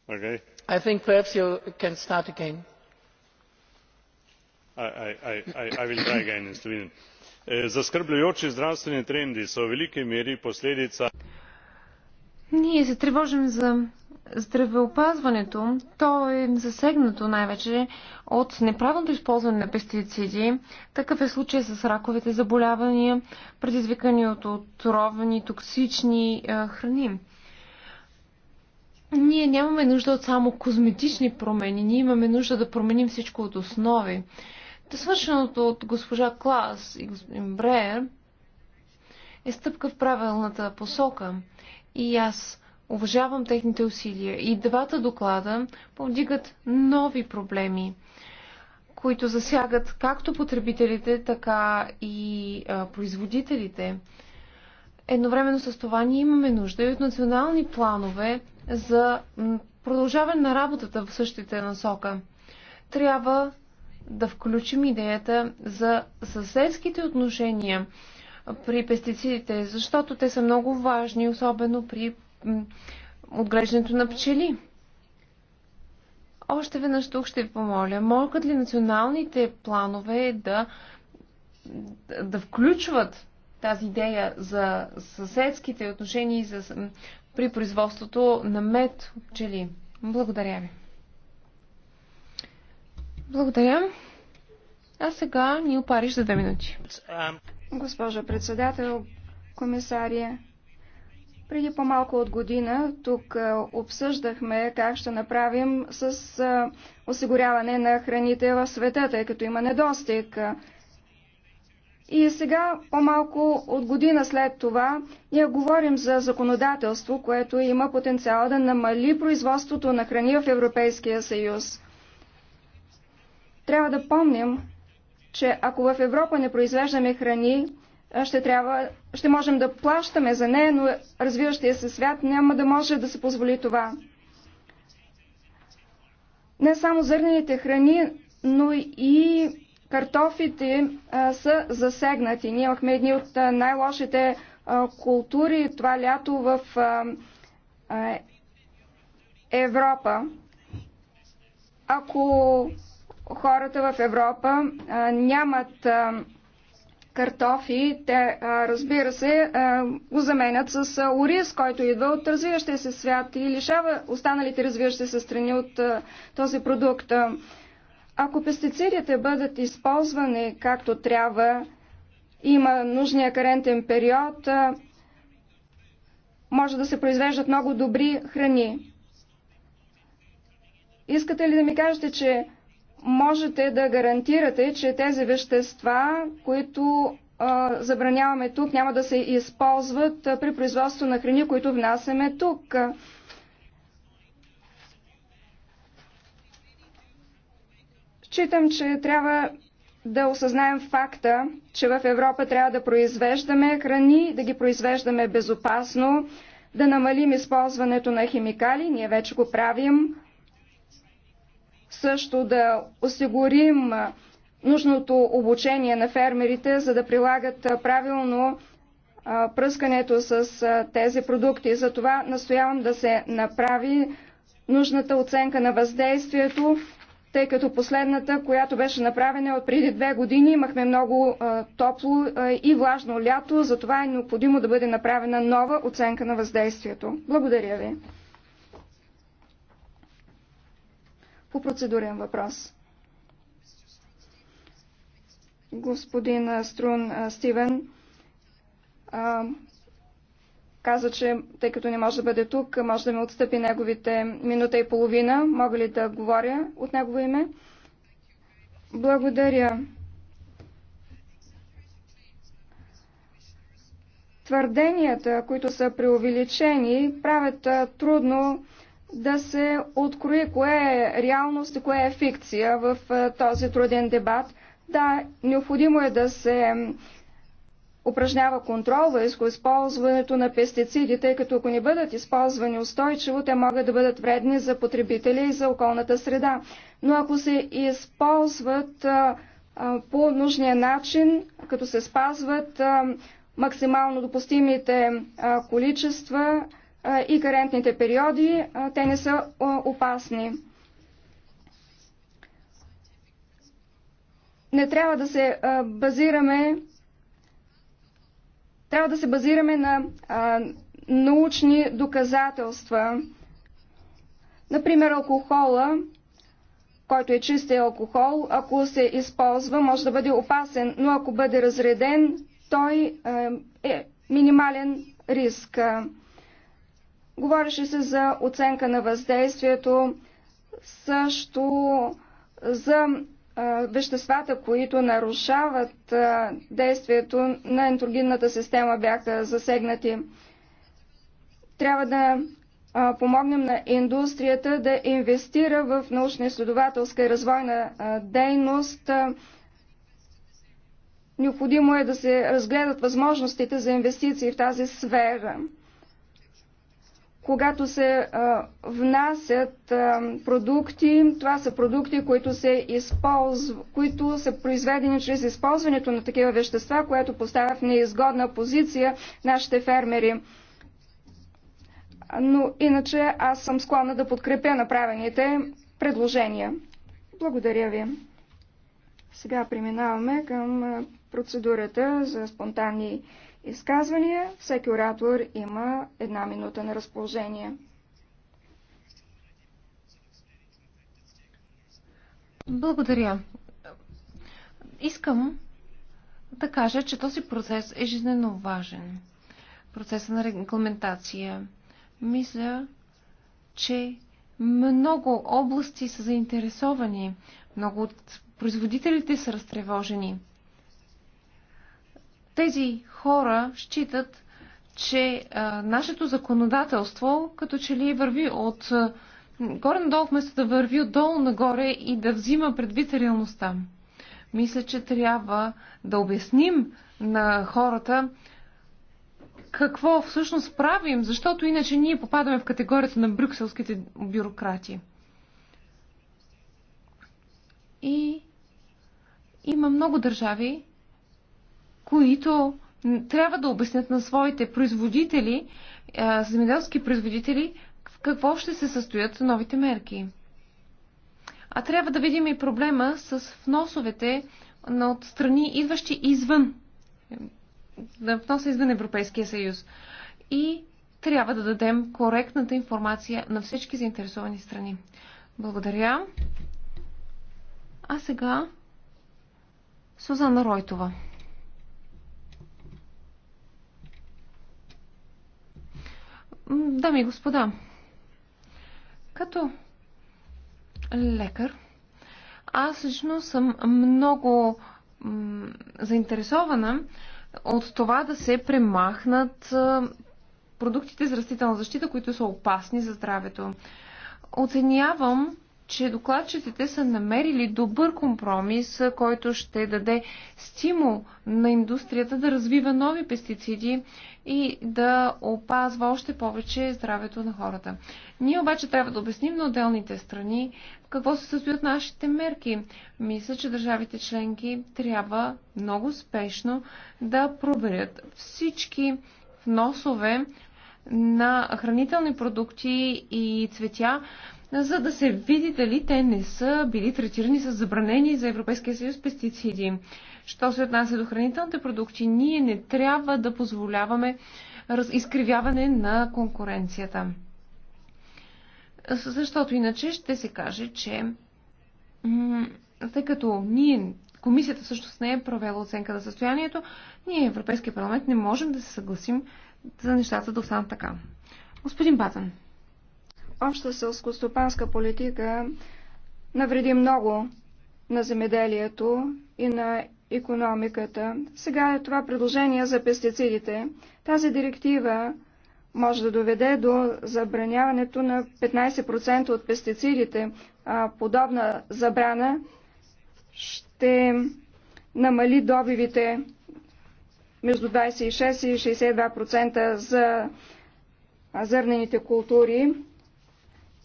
okay. I think perhaps you can start again. I I, I will try again in Sweden. Zaskrbljujoči zdravstveni trendi so v veliki meri posledica. Ние се тревожим за здравеопазването, то е засегнато най-вече от неправилното използване на пестициди. Такъв е случай с раковите заболявания, предизвикани от отровени, токсични храни. Ние нямаме нужда от само козметични промени, ние имаме нужда да променим всичко от основи. Да свършеното от госпожа Клас и господин Бреер е стъпка в правилната посока. И аз Уважавам техните усилия. И двата доклада повдигат нови проблеми, които засягат както потребителите, така и а, производителите. Едновременно с това ние имаме нужда и от национални планове за продължаване на работата в същите насока. Трябва да включим идеята за съседските отношения при пестицидите, защото те са много важни, особено при отглеждането на пчели. Още веднъж тук ще ви помоля, могат ли националните планове да, да, включват тази идея за съседските отношения и за, при производството на мед от пчели? Благодаря ви. Благодаря. А сега ни опариш за две минути. Госпожо председател, комисария, преди по-малко от година тук обсъждахме как ще направим с осигуряване на храните в света, тъй като има недостиг. И сега, по-малко от година след това, ние говорим за законодателство, което има потенциал да намали производството на храни в Европейския съюз. Трябва да помним, че ако в Европа не произвеждаме храни, ще трябва, ще можем да плащаме за нея, но развиващия се свят няма да може да се позволи това. Не само зърнените храни, но и картофите а, са засегнати. Ние имахме едни от най-лошите култури това лято в а, а, Европа. Ако хората в Европа а, нямат а, картофи, те, разбира се, го заменят с ориз, който идва от развиващия се свят и лишава останалите развиващи се страни от този продукт. Ако пестицидите бъдат използвани както трябва, има нужния карентен период, може да се произвеждат много добри храни. Искате ли да ми кажете, че можете да гарантирате, че тези вещества, които забраняваме тук, няма да се използват при производство на храни, които внасяме тук? Считам, че трябва да осъзнаем факта, че в Европа трябва да произвеждаме храни, да ги произвеждаме безопасно, да намалим използването на химикали, ние вече го правим, също да осигурим нужното обучение на фермерите, за да прилагат правилно пръскането с тези продукти. Затова настоявам да се направи нужната оценка на въздействието, тъй като последната, която беше направена от преди две години, имахме много топло и влажно лято, затова е необходимо да бъде направена нова оценка на въздействието. Благодаря ви. по процедурен въпрос. Господин Струн Стивен а, каза, че тъй като не може да бъде тук, може да ми отстъпи неговите минута и половина. Мога ли да говоря от негово име? Благодаря. Твърденията, които са преувеличени, правят трудно да се открои кое е реалност и кое е фикция в е, този труден дебат. Да, необходимо е да се упражнява контрол върху използването на пестициди, тъй като ако не бъдат използвани устойчиво, те могат да бъдат вредни за потребителя и за околната среда. Но ако се използват е, е, по нужния начин, като се спазват максимално допустимите количества, и карентните периоди, те не са опасни. Не трябва да се базираме трябва да се базираме на научни доказателства. Например, алкохола, който е чист алкохол, ако се използва, може да бъде опасен, но ако бъде разреден, той е минимален риск. Говореше се за оценка на въздействието, също за веществата, които нарушават действието на ентрогинната система, бяха засегнати. Трябва да помогнем на индустрията да инвестира в научно-изследователска и развойна дейност. Необходимо е да се разгледат възможностите за инвестиции в тази сфера когато се а, внасят а, продукти, това са продукти, които, се използв... които са произведени чрез използването на такива вещества, което поставя в неизгодна позиция нашите фермери. Но иначе аз съм склонна да подкрепя направените предложения. Благодаря ви. Сега преминаваме към процедурата за спонтанни изказвания. Всеки оратор има една минута на разположение. Благодаря. Искам да кажа, че този процес е жизненно важен. Процеса на регламентация. Мисля, че много области са заинтересовани, много от производителите са разтревожени. Тези хора считат, че а, нашето законодателство като че ли върви от а, горе надолу, вместо да върви отдолу нагоре и да взима предвид реалността. Мисля, че трябва да обясним на хората какво всъщност правим, защото иначе ние попадаме в категорията на брюкселските бюрократи. И има много държави, които трябва да обяснят на своите производители, е, земеделски производители, в какво ще се състоят новите мерки. А трябва да видим и проблема с вносовете от страни, идващи извън, да вноса извън Европейския съюз. И трябва да дадем коректната информация на всички заинтересовани страни. Благодаря. А сега Сузана Ройтова. Дами и господа, като лекар, аз лично съм много заинтересована от това да се премахнат продуктите за растителна защита, които са опасни за здравето. Оценявам че докладчиците са намерили добър компромис, който ще даде стимул на индустрията да развива нови пестициди и да опазва още повече здравето на хората. Ние обаче трябва да обясним на отделните страни какво се състоят нашите мерки. Мисля, че държавите членки трябва много спешно да проверят всички вносове на хранителни продукти и цветя, за да се види дали те не са били третирани с забранени за Европейския съюз пестициди. Що се отнася до хранителните продукти, ние не трябва да позволяваме изкривяване на конкуренцията. Защото иначе ще се каже, че тъй като ние, комисията всъщност не е провела оценка на състоянието, ние, Европейския парламент, не можем да се съгласим за нещата да останат така. Господин Батън обща сълскостопанска политика навреди много на земеделието и на економиката. Сега е това предложение за пестицидите. Тази директива може да доведе до забраняването на 15% от пестицидите. А, подобна забрана ще намали добивите между 26 и 62% за зърнените култури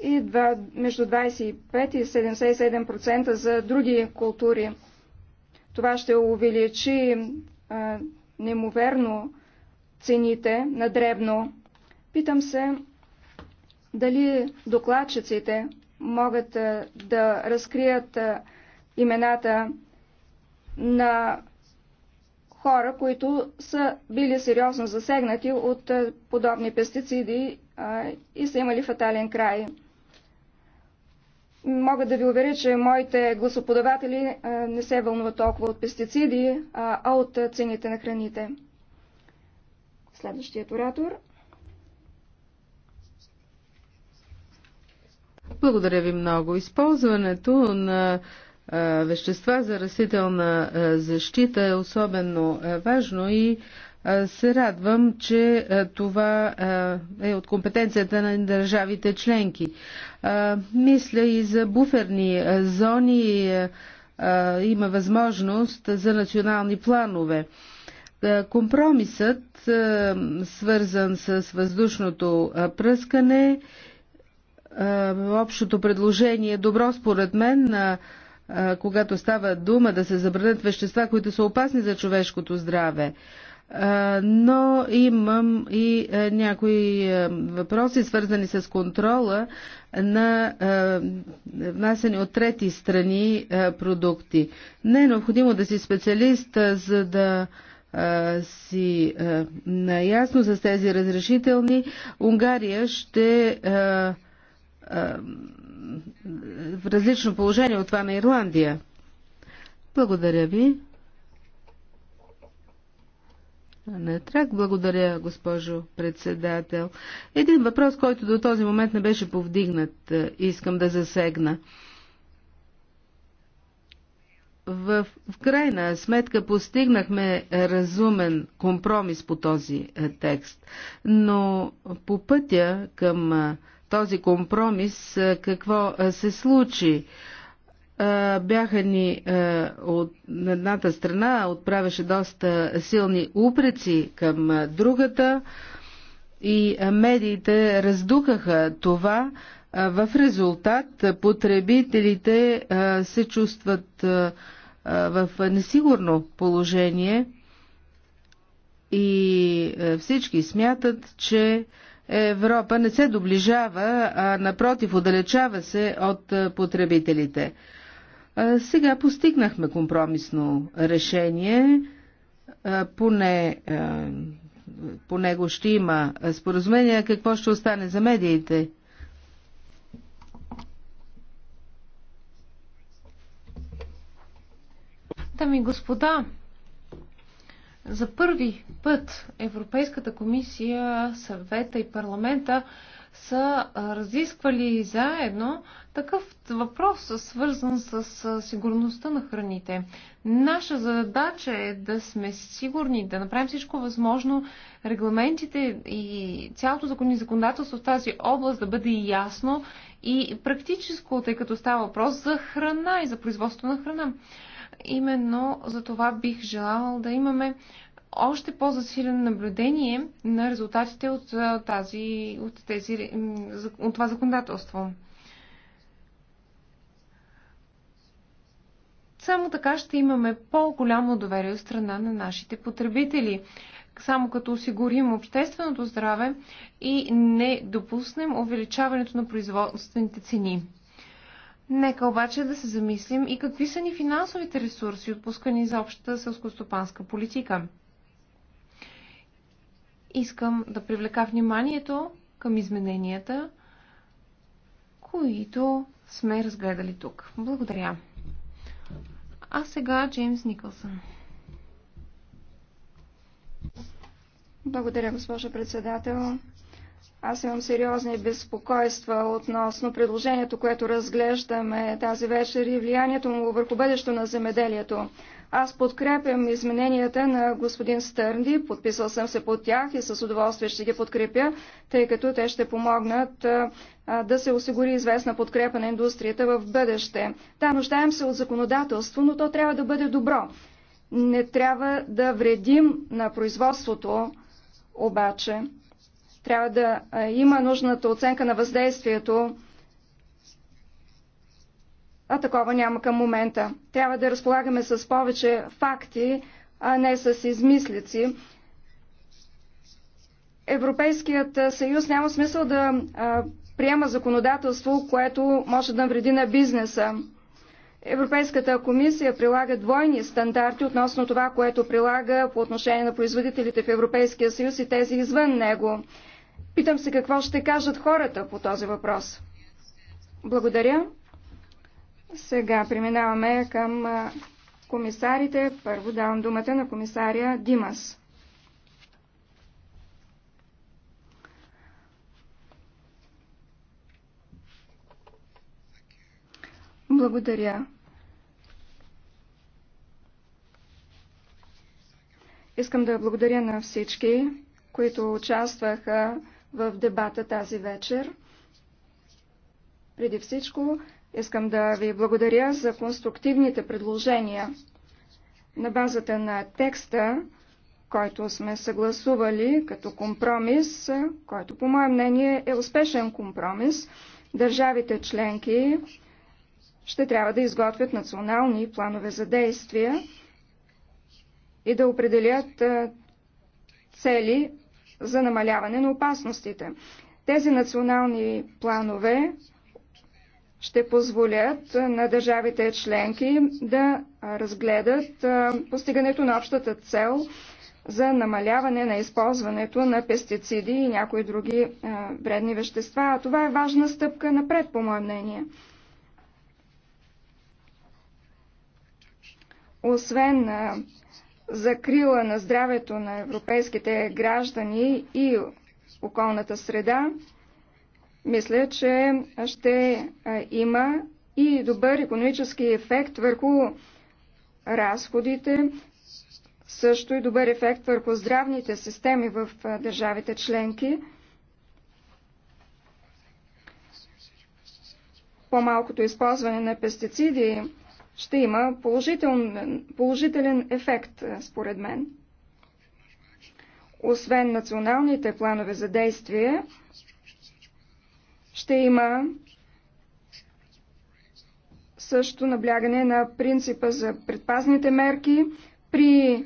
и два, между 25 и 77% за други култури. Това ще увеличи а, немоверно цените на дребно. Питам се дали докладчиците могат а, да разкрият а, имената на хора, които са били сериозно засегнати от подобни пестициди и са имали фатален край. Мога да ви уверя, че моите гласоподаватели е, не се вълнуват толкова от пестициди, е, а от цените на храните. Следващият оратор. Благодаря ви много. Използването на е, вещества за растителна защита е особено важно и се радвам, че това е от компетенцията на държавите членки. Мисля и за буферни зони има възможност за национални планове. Компромисът, свързан с въздушното пръскане, общото предложение е добро според мен на когато става дума да се забранят вещества, които са опасни за човешкото здраве но имам и някои въпроси, свързани с контрола на внасени от трети страни продукти. Не е необходимо да си специалист, за да си наясно с тези разрешителни. Унгария ще в различно положение от това на Ирландия. Благодаря ви на трак. Благодаря, госпожо председател. Един въпрос, който до този момент не беше повдигнат, е, искам да засегна. В, в крайна сметка постигнахме разумен компромис по този е, текст, но по пътя към е, този компромис какво се случи? бяха ни от едната страна, отправяше доста силни упреци към другата и медиите раздукаха това. В резултат потребителите се чувстват в несигурно положение и всички смятат, че Европа не се доближава, а напротив, отдалечава се от потребителите. Сега постигнахме компромисно решение, поне по него ще има споразумение, какво ще остане за медиите. Дами и господа, за първи път Европейската комисия, съвета и парламента са разисквали заедно такъв въпрос, свързан с сигурността на храните. Наша задача е да сме сигурни, да направим всичко възможно, регламентите и цялото законодателство в тази област да бъде ясно и практическо, тъй като става въпрос за храна и за производство на храна. Именно за това бих желал да имаме още по-засилено наблюдение на резултатите от, тази, от, тези, от това законодателство. Само така ще имаме по-голямо доверие от страна на нашите потребители. Само като осигурим общественото здраве и не допуснем увеличаването на производствените цени. Нека обаче да се замислим и какви са ни финансовите ресурси, отпускани за общата селскостопанска политика искам да привлека вниманието към измененията, които сме разгледали тук. Благодаря. А сега Джеймс Никълсън. Благодаря, госпожа председател. Аз имам сериозни безпокойства относно предложението, което разглеждаме тази вечер и влиянието му върху бъдещето на земеделието. Аз подкрепям измененията на господин Стърнди, подписал съм се под тях и с удоволствие ще ги подкрепя, тъй като те ще помогнат да се осигури известна подкрепа на индустрията в бъдеще. Да, нуждаем се от законодателство, но то трябва да бъде добро. Не трябва да вредим на производството, обаче. Трябва да има нужната оценка на въздействието, а такова няма към момента. Трябва да разполагаме с повече факти, а не с измислици. Европейският съюз няма смисъл да а, приема законодателство, което може да вреди на бизнеса. Европейската комисия прилага двойни стандарти относно това, което прилага по отношение на производителите в Европейския съюз и тези извън него. Питам се какво ще кажат хората по този въпрос. Благодаря. Сега преминаваме към комисарите. Първо давам думата на комисаря Димас. Благодаря. Искам да благодаря на всички, които участваха в дебата тази вечер. Преди всичко Искам да ви благодаря за конструктивните предложения. На базата на текста, който сме съгласували като компромис, който по мое мнение е успешен компромис, държавите членки ще трябва да изготвят национални планове за действия и да определят цели за намаляване на опасностите. Тези национални планове ще позволят на държавите членки да разгледат постигането на общата цел за намаляване на използването на пестициди и някои други вредни вещества. А това е важна стъпка напред, по мое мнение. Освен закрила на здравето на европейските граждани и околната среда, мисля, че ще има и добър економически ефект върху разходите, също и добър ефект върху здравните системи в държавите членки. По-малкото използване на пестициди ще има положителен, положителен ефект, според мен. Освен националните планове за действие, ще има също наблягане на принципа за предпазните мерки при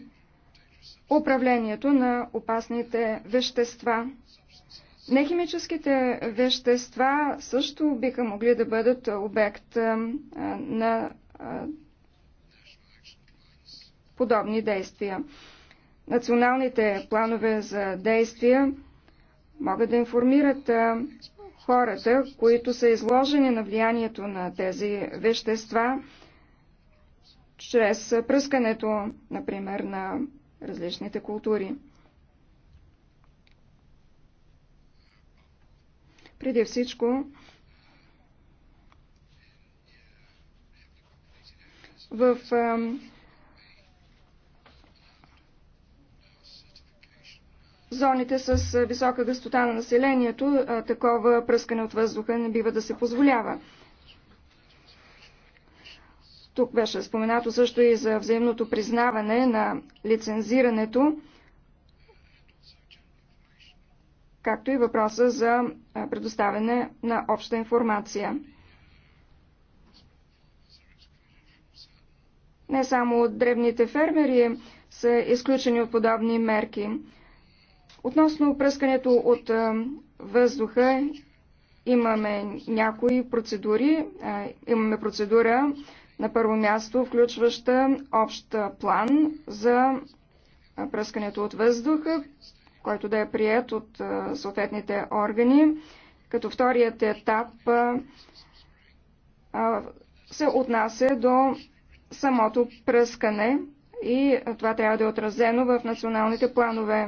управлението на опасните вещества. Нехимическите вещества също биха могли да бъдат обект на подобни действия. Националните планове за действия могат да информират хората, които са изложени на влиянието на тези вещества, чрез пръскането, например, на различните култури. Преди всичко, в зоните с висока гъстота на населението такова пръскане от въздуха не бива да се позволява. Тук беше споменато също и за взаимното признаване на лицензирането, както и въпроса за предоставяне на обща информация. Не само древните фермери са изключени от подобни мерки. Относно опръскането от въздуха имаме някои процедури. Имаме процедура на първо място, включваща общ план за пръскането от въздуха, който да е прият от съответните органи. Като вторият етап се отнася до самото пръскане и това трябва да е отразено в националните планове.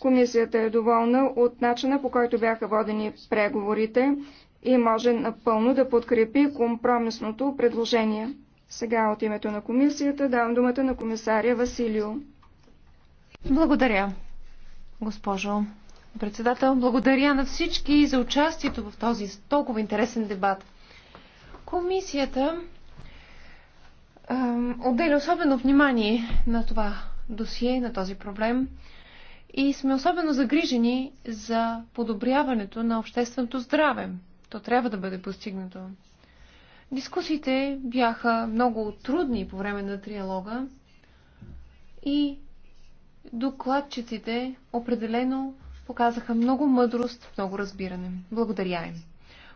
Комисията е доволна от начина по който бяха водени преговорите и може напълно да подкрепи компромисното предложение. Сега от името на комисията давам думата на комисаря Василио. Благодаря, госпожо председател. Благодаря на всички за участието в този толкова интересен дебат. Комисията отделя особено внимание на това досие, на този проблем и сме особено загрижени за подобряването на общественото здраве. То трябва да бъде постигнато. Дискусиите бяха много трудни по време на триалога и докладчиците определено показаха много мъдрост, много разбиране. Благодаря им.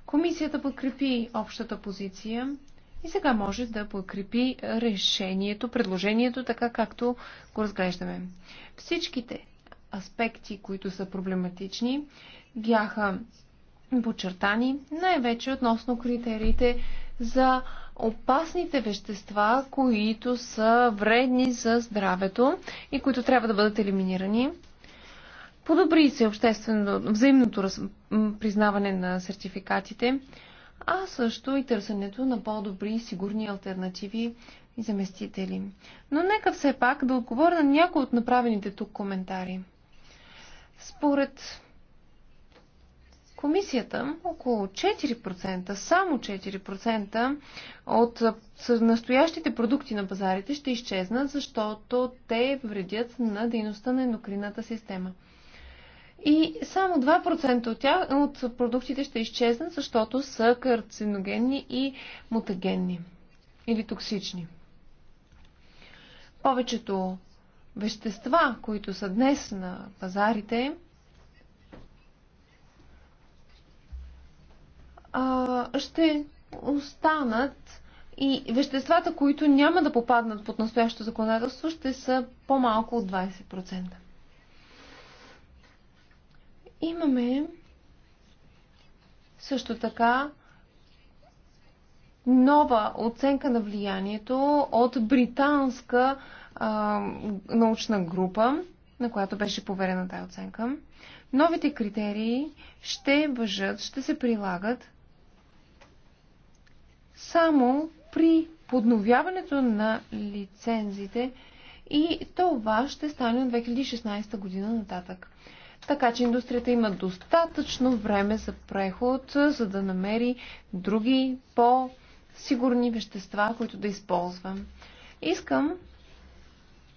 Комисията подкрепи общата позиция и сега може да подкрепи решението, предложението, така както го разглеждаме. Всичките аспекти, които са проблематични, бяха подчертани, най-вече относно критериите за опасните вещества, които са вредни за здравето и които трябва да бъдат елиминирани. Подобри се обществено, взаимното раз, признаване на сертификатите, а също и търсенето на по-добри и сигурни альтернативи и заместители. Но нека все пак да отговоря на някои от направените тук коментари. Според комисията, около 4%, само 4% от настоящите продукти на пазарите ще изчезнат, защото те вредят на дейността на енокрината система. И само 2% от, тя, от продуктите ще изчезнат, защото са карциногенни и мутагенни или токсични. Повечето вещества, които са днес на пазарите, ще останат и веществата, които няма да попаднат под настоящото законодателство, ще са по-малко от 20%. Имаме също така нова оценка на влиянието от британска а, научна група, на която беше поверена тази оценка. Новите критерии ще въжат, ще се прилагат само при подновяването на лицензите и това ще стане от 2016 година нататък. Така че индустрията има достатъчно време за преход, за да намери други по-сигурни вещества, които да използвам. Искам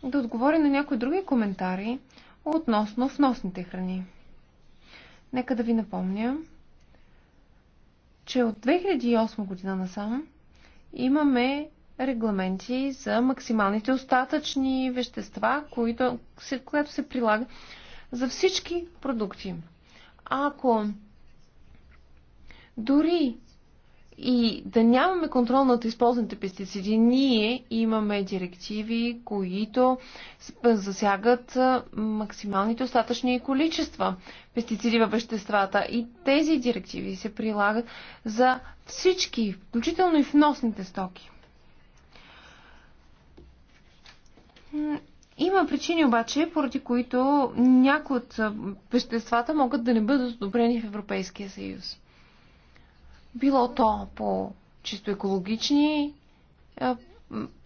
да отговоря на някои други коментари относно вносните храни. Нека да ви напомня, че от 2008 година насам имаме регламенти за максималните остатъчни вещества, които, което се прилага за всички продукти. Ако дори и да нямаме контрол над използваните пестициди, ние имаме директиви, които засягат максималните остатъчни количества пестициди във веществата. И тези директиви се прилагат за всички, включително и вносните стоки. Има причини обаче, поради които някои от веществата могат да не бъдат одобрени в Европейския съюз било то по чисто екологични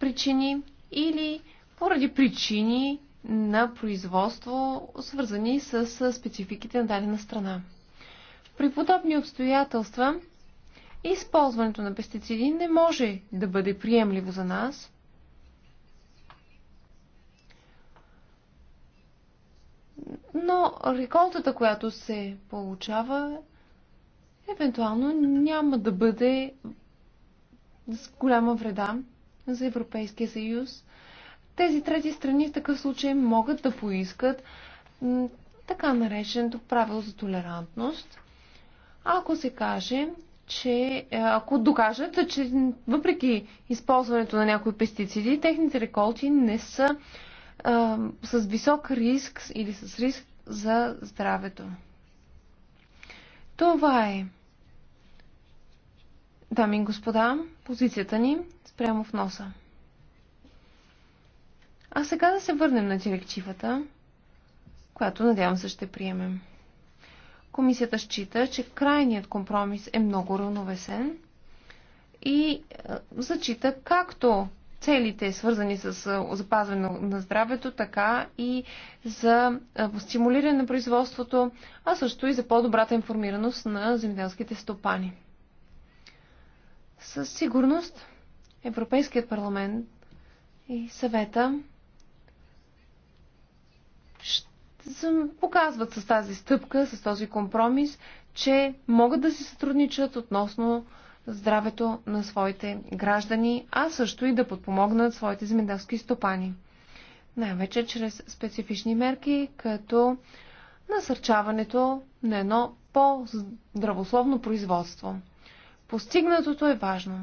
причини или поради причини на производство, свързани с спецификите на дадена страна. При подобни обстоятелства използването на пестициди не може да бъде приемливо за нас. Но реколтата, която се получава, евентуално няма да бъде с голяма вреда за Европейския съюз. Тези трети страни в такъв случай могат да поискат така нареченото правило за толерантност, ако се каже, че е, ако докажат, че въпреки използването на някои пестициди, техните реколти не са а, е, с висок риск или с риск за здравето. Това е дами и господа, позицията ни спрямо в носа. А сега да се върнем на директивата, която надявам се ще приемем. Комисията счита, че крайният компромис е много равновесен и е, зачита както целите, свързани с е, запазване на здравето, така и за е, стимулиране на производството, а също и за по-добрата информираност на земеделските стопани. Със сигурност Европейският парламент и съвета показват с тази стъпка, с този компромис, че могат да си сътрудничат относно здравето на своите граждани, а също и да подпомогнат своите земеделски стопани. Най-вече чрез специфични мерки, като насърчаването на едно по-здравословно производство. Постигнатото е важно.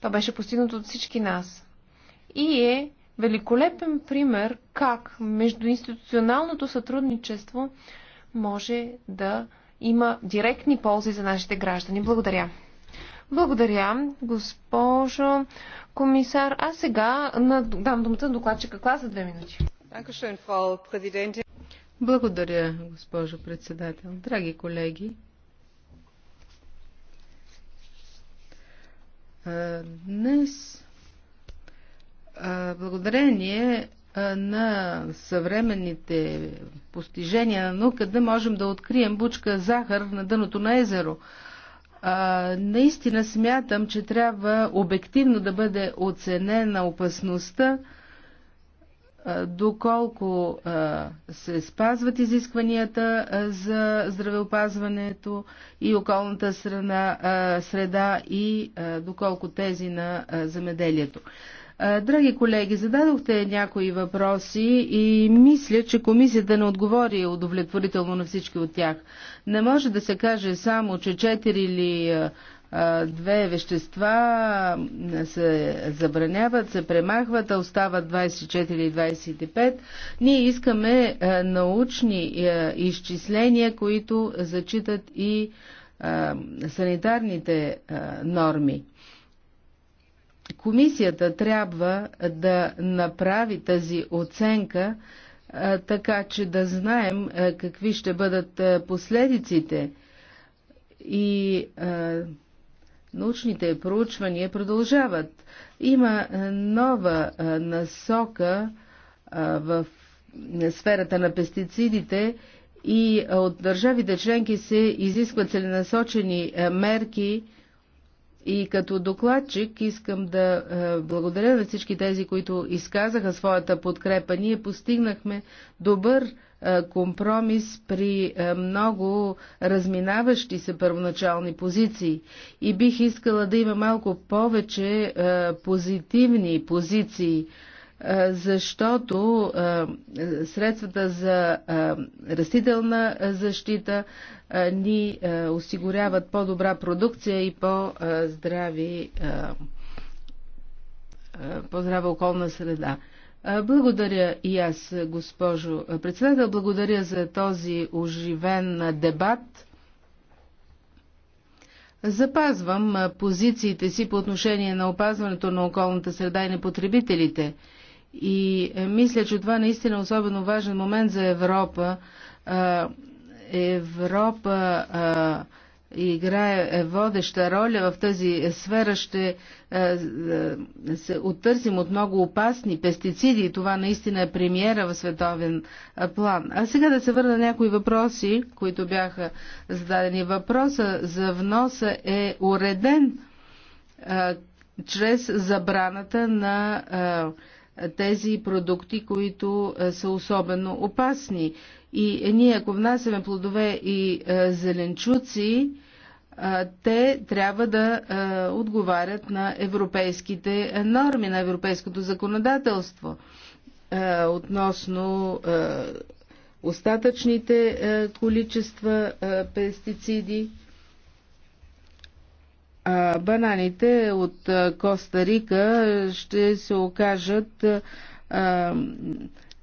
То беше постигнато от всички нас. И е великолепен пример как междуинституционалното сътрудничество може да има директни ползи за нашите граждани. Благодаря. Благодаря, госпожо комисар. А сега дам думата на докладчика Клас за две минути. Благодаря, госпожо председател. Драги колеги, Днес, благодарение на съвременните постижения на науката, да можем да открием бучка захар на дъното на езеро. Наистина смятам, че трябва обективно да бъде оценена опасността доколко се спазват изискванията за здравеопазването и околната среда, среда и доколко тези на земеделието. Драги колеги, зададохте някои въпроси и мисля, че комисията не отговори удовлетворително на всички от тях. Не може да се каже само, че 4 или две вещества се забраняват, се премахват, а остават 24 и 25. Ние искаме научни изчисления, които зачитат и санитарните норми. Комисията трябва да направи тази оценка, така че да знаем какви ще бъдат последиците и Научните проучвания продължават. Има е, нова е, насока е, в сферата на пестицидите и от държавите членки се изискват целенасочени мерки и като докладчик искам да благодаря на всички тези, които изказаха своята подкрепа. Ние постигнахме добър е, компромис при е, много разминаващи се първоначални позиции и бих искала да има малко повече е, позитивни позиции, защото средствата за растителна защита ни осигуряват по-добра продукция и по-здрави по-здрава околна среда. Благодаря и аз, госпожо председател. Благодаря за този оживен дебат. Запазвам позициите си по отношение на опазването на околната среда и на потребителите. И мисля, че това наистина е особено важен момент за Европа. Европа играе е водеща роля в тази сфера, ще е, е, се оттърсим от много опасни пестициди и това наистина е премиера в световен план. А сега да се върна някои въпроси, които бяха зададени. Въпроса за вноса е уреден чрез забраната на тези продукти, които са особено опасни. И ние, ако внасяме плодове и е, зеленчуци, е, те трябва да е, отговарят на европейските норми, на европейското законодателство относно остатъчните количества пестициди. Бананите от Коста Рика ще се окажат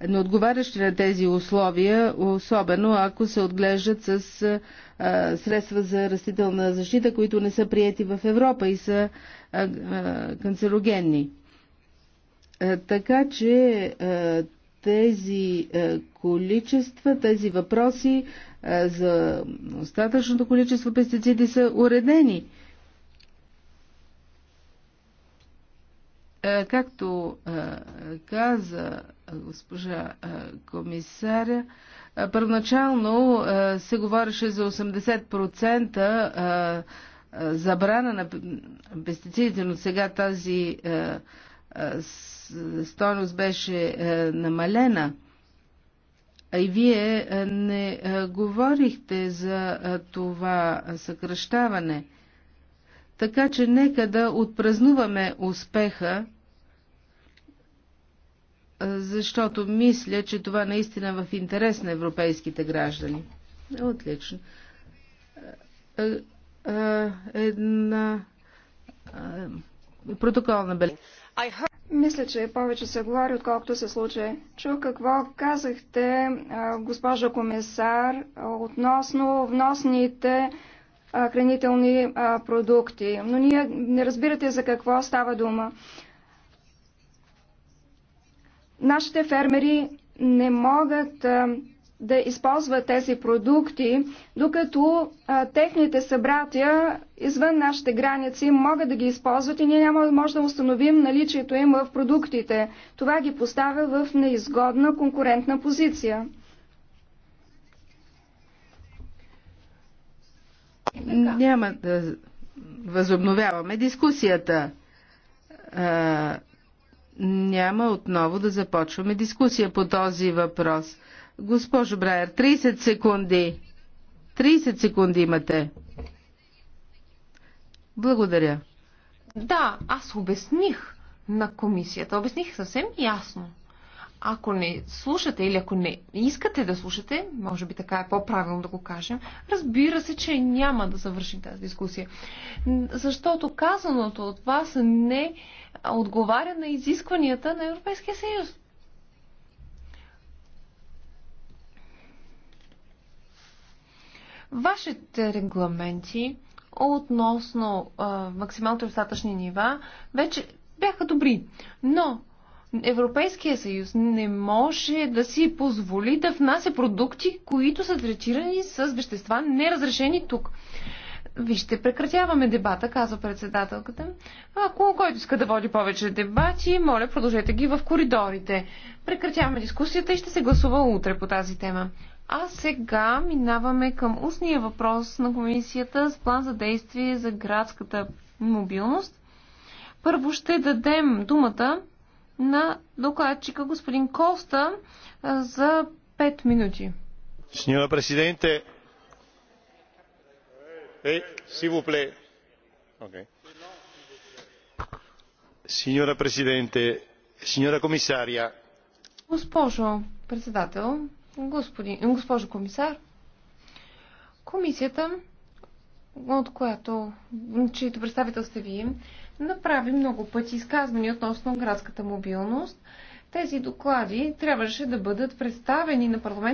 не отговарящи на тези условия, особено ако се отглеждат с средства за растителна защита, които не са приети в Европа и са канцерогенни. Така че тези количества, тези въпроси за остатъчното количество пестициди са уредени. Както каза госпожа комисаря. Първоначално се говореше за 80% забрана на пестицидите, но сега тази стойност беше намалена. И вие не говорихте за това съкръщаване. Така че нека да отпразнуваме успеха защото мисля, че това наистина е в интерес на европейските граждани. Отлично. Е, е, една протокол на Бел. Мисля, че повече се говори, отколкото се случи. Чух какво казахте, госпожа комисар, относно вносните хранителни продукти. Но ние не разбирате за какво става дума. Нашите фермери не могат да използват тези продукти, докато а, техните събратя извън нашите граници могат да ги използват и ние няма да може да установим наличието им в продуктите. Това ги поставя в неизгодна конкурентна позиция. Няма да възобновяваме дискусията. А, няма отново да започваме дискусия по този въпрос. Госпожо Брайер, 30 секунди. 30 секунди имате. Благодаря. Да, аз обясних на комисията. Обясних съвсем ясно. Ако не слушате или ако не искате да слушате, може би така е по-правилно да го кажем, разбира се, че няма да завършим тази дискусия. Защото казаното от вас не отговаря на изискванията на Европейския съюз. Вашите регламенти относно а, максималните остатъчни нива вече бяха добри, но Европейския съюз не може да си позволи да внася продукти, които са третирани с вещества неразрешени тук. Вижте, прекратяваме дебата, казва председателката. Ако който иска да води повече дебати, моля, продължете ги в коридорите. Прекратяваме дискусията и ще се гласува утре по тази тема. А сега минаваме към устния въпрос на комисията с план за действие за градската мобилност. Първо ще дадем думата на докладчика господин Коста за 5 минути. Сеньора Президенте, eh, s'il vous plaît. Okay. Signora Presidente, signora Госпожо председател, господин, госпожо комисар, комисията, от която, чието представител сте вие, направи много пъти изказвания относно градската мобилност. Тези доклади трябваше да бъдат представени на парламент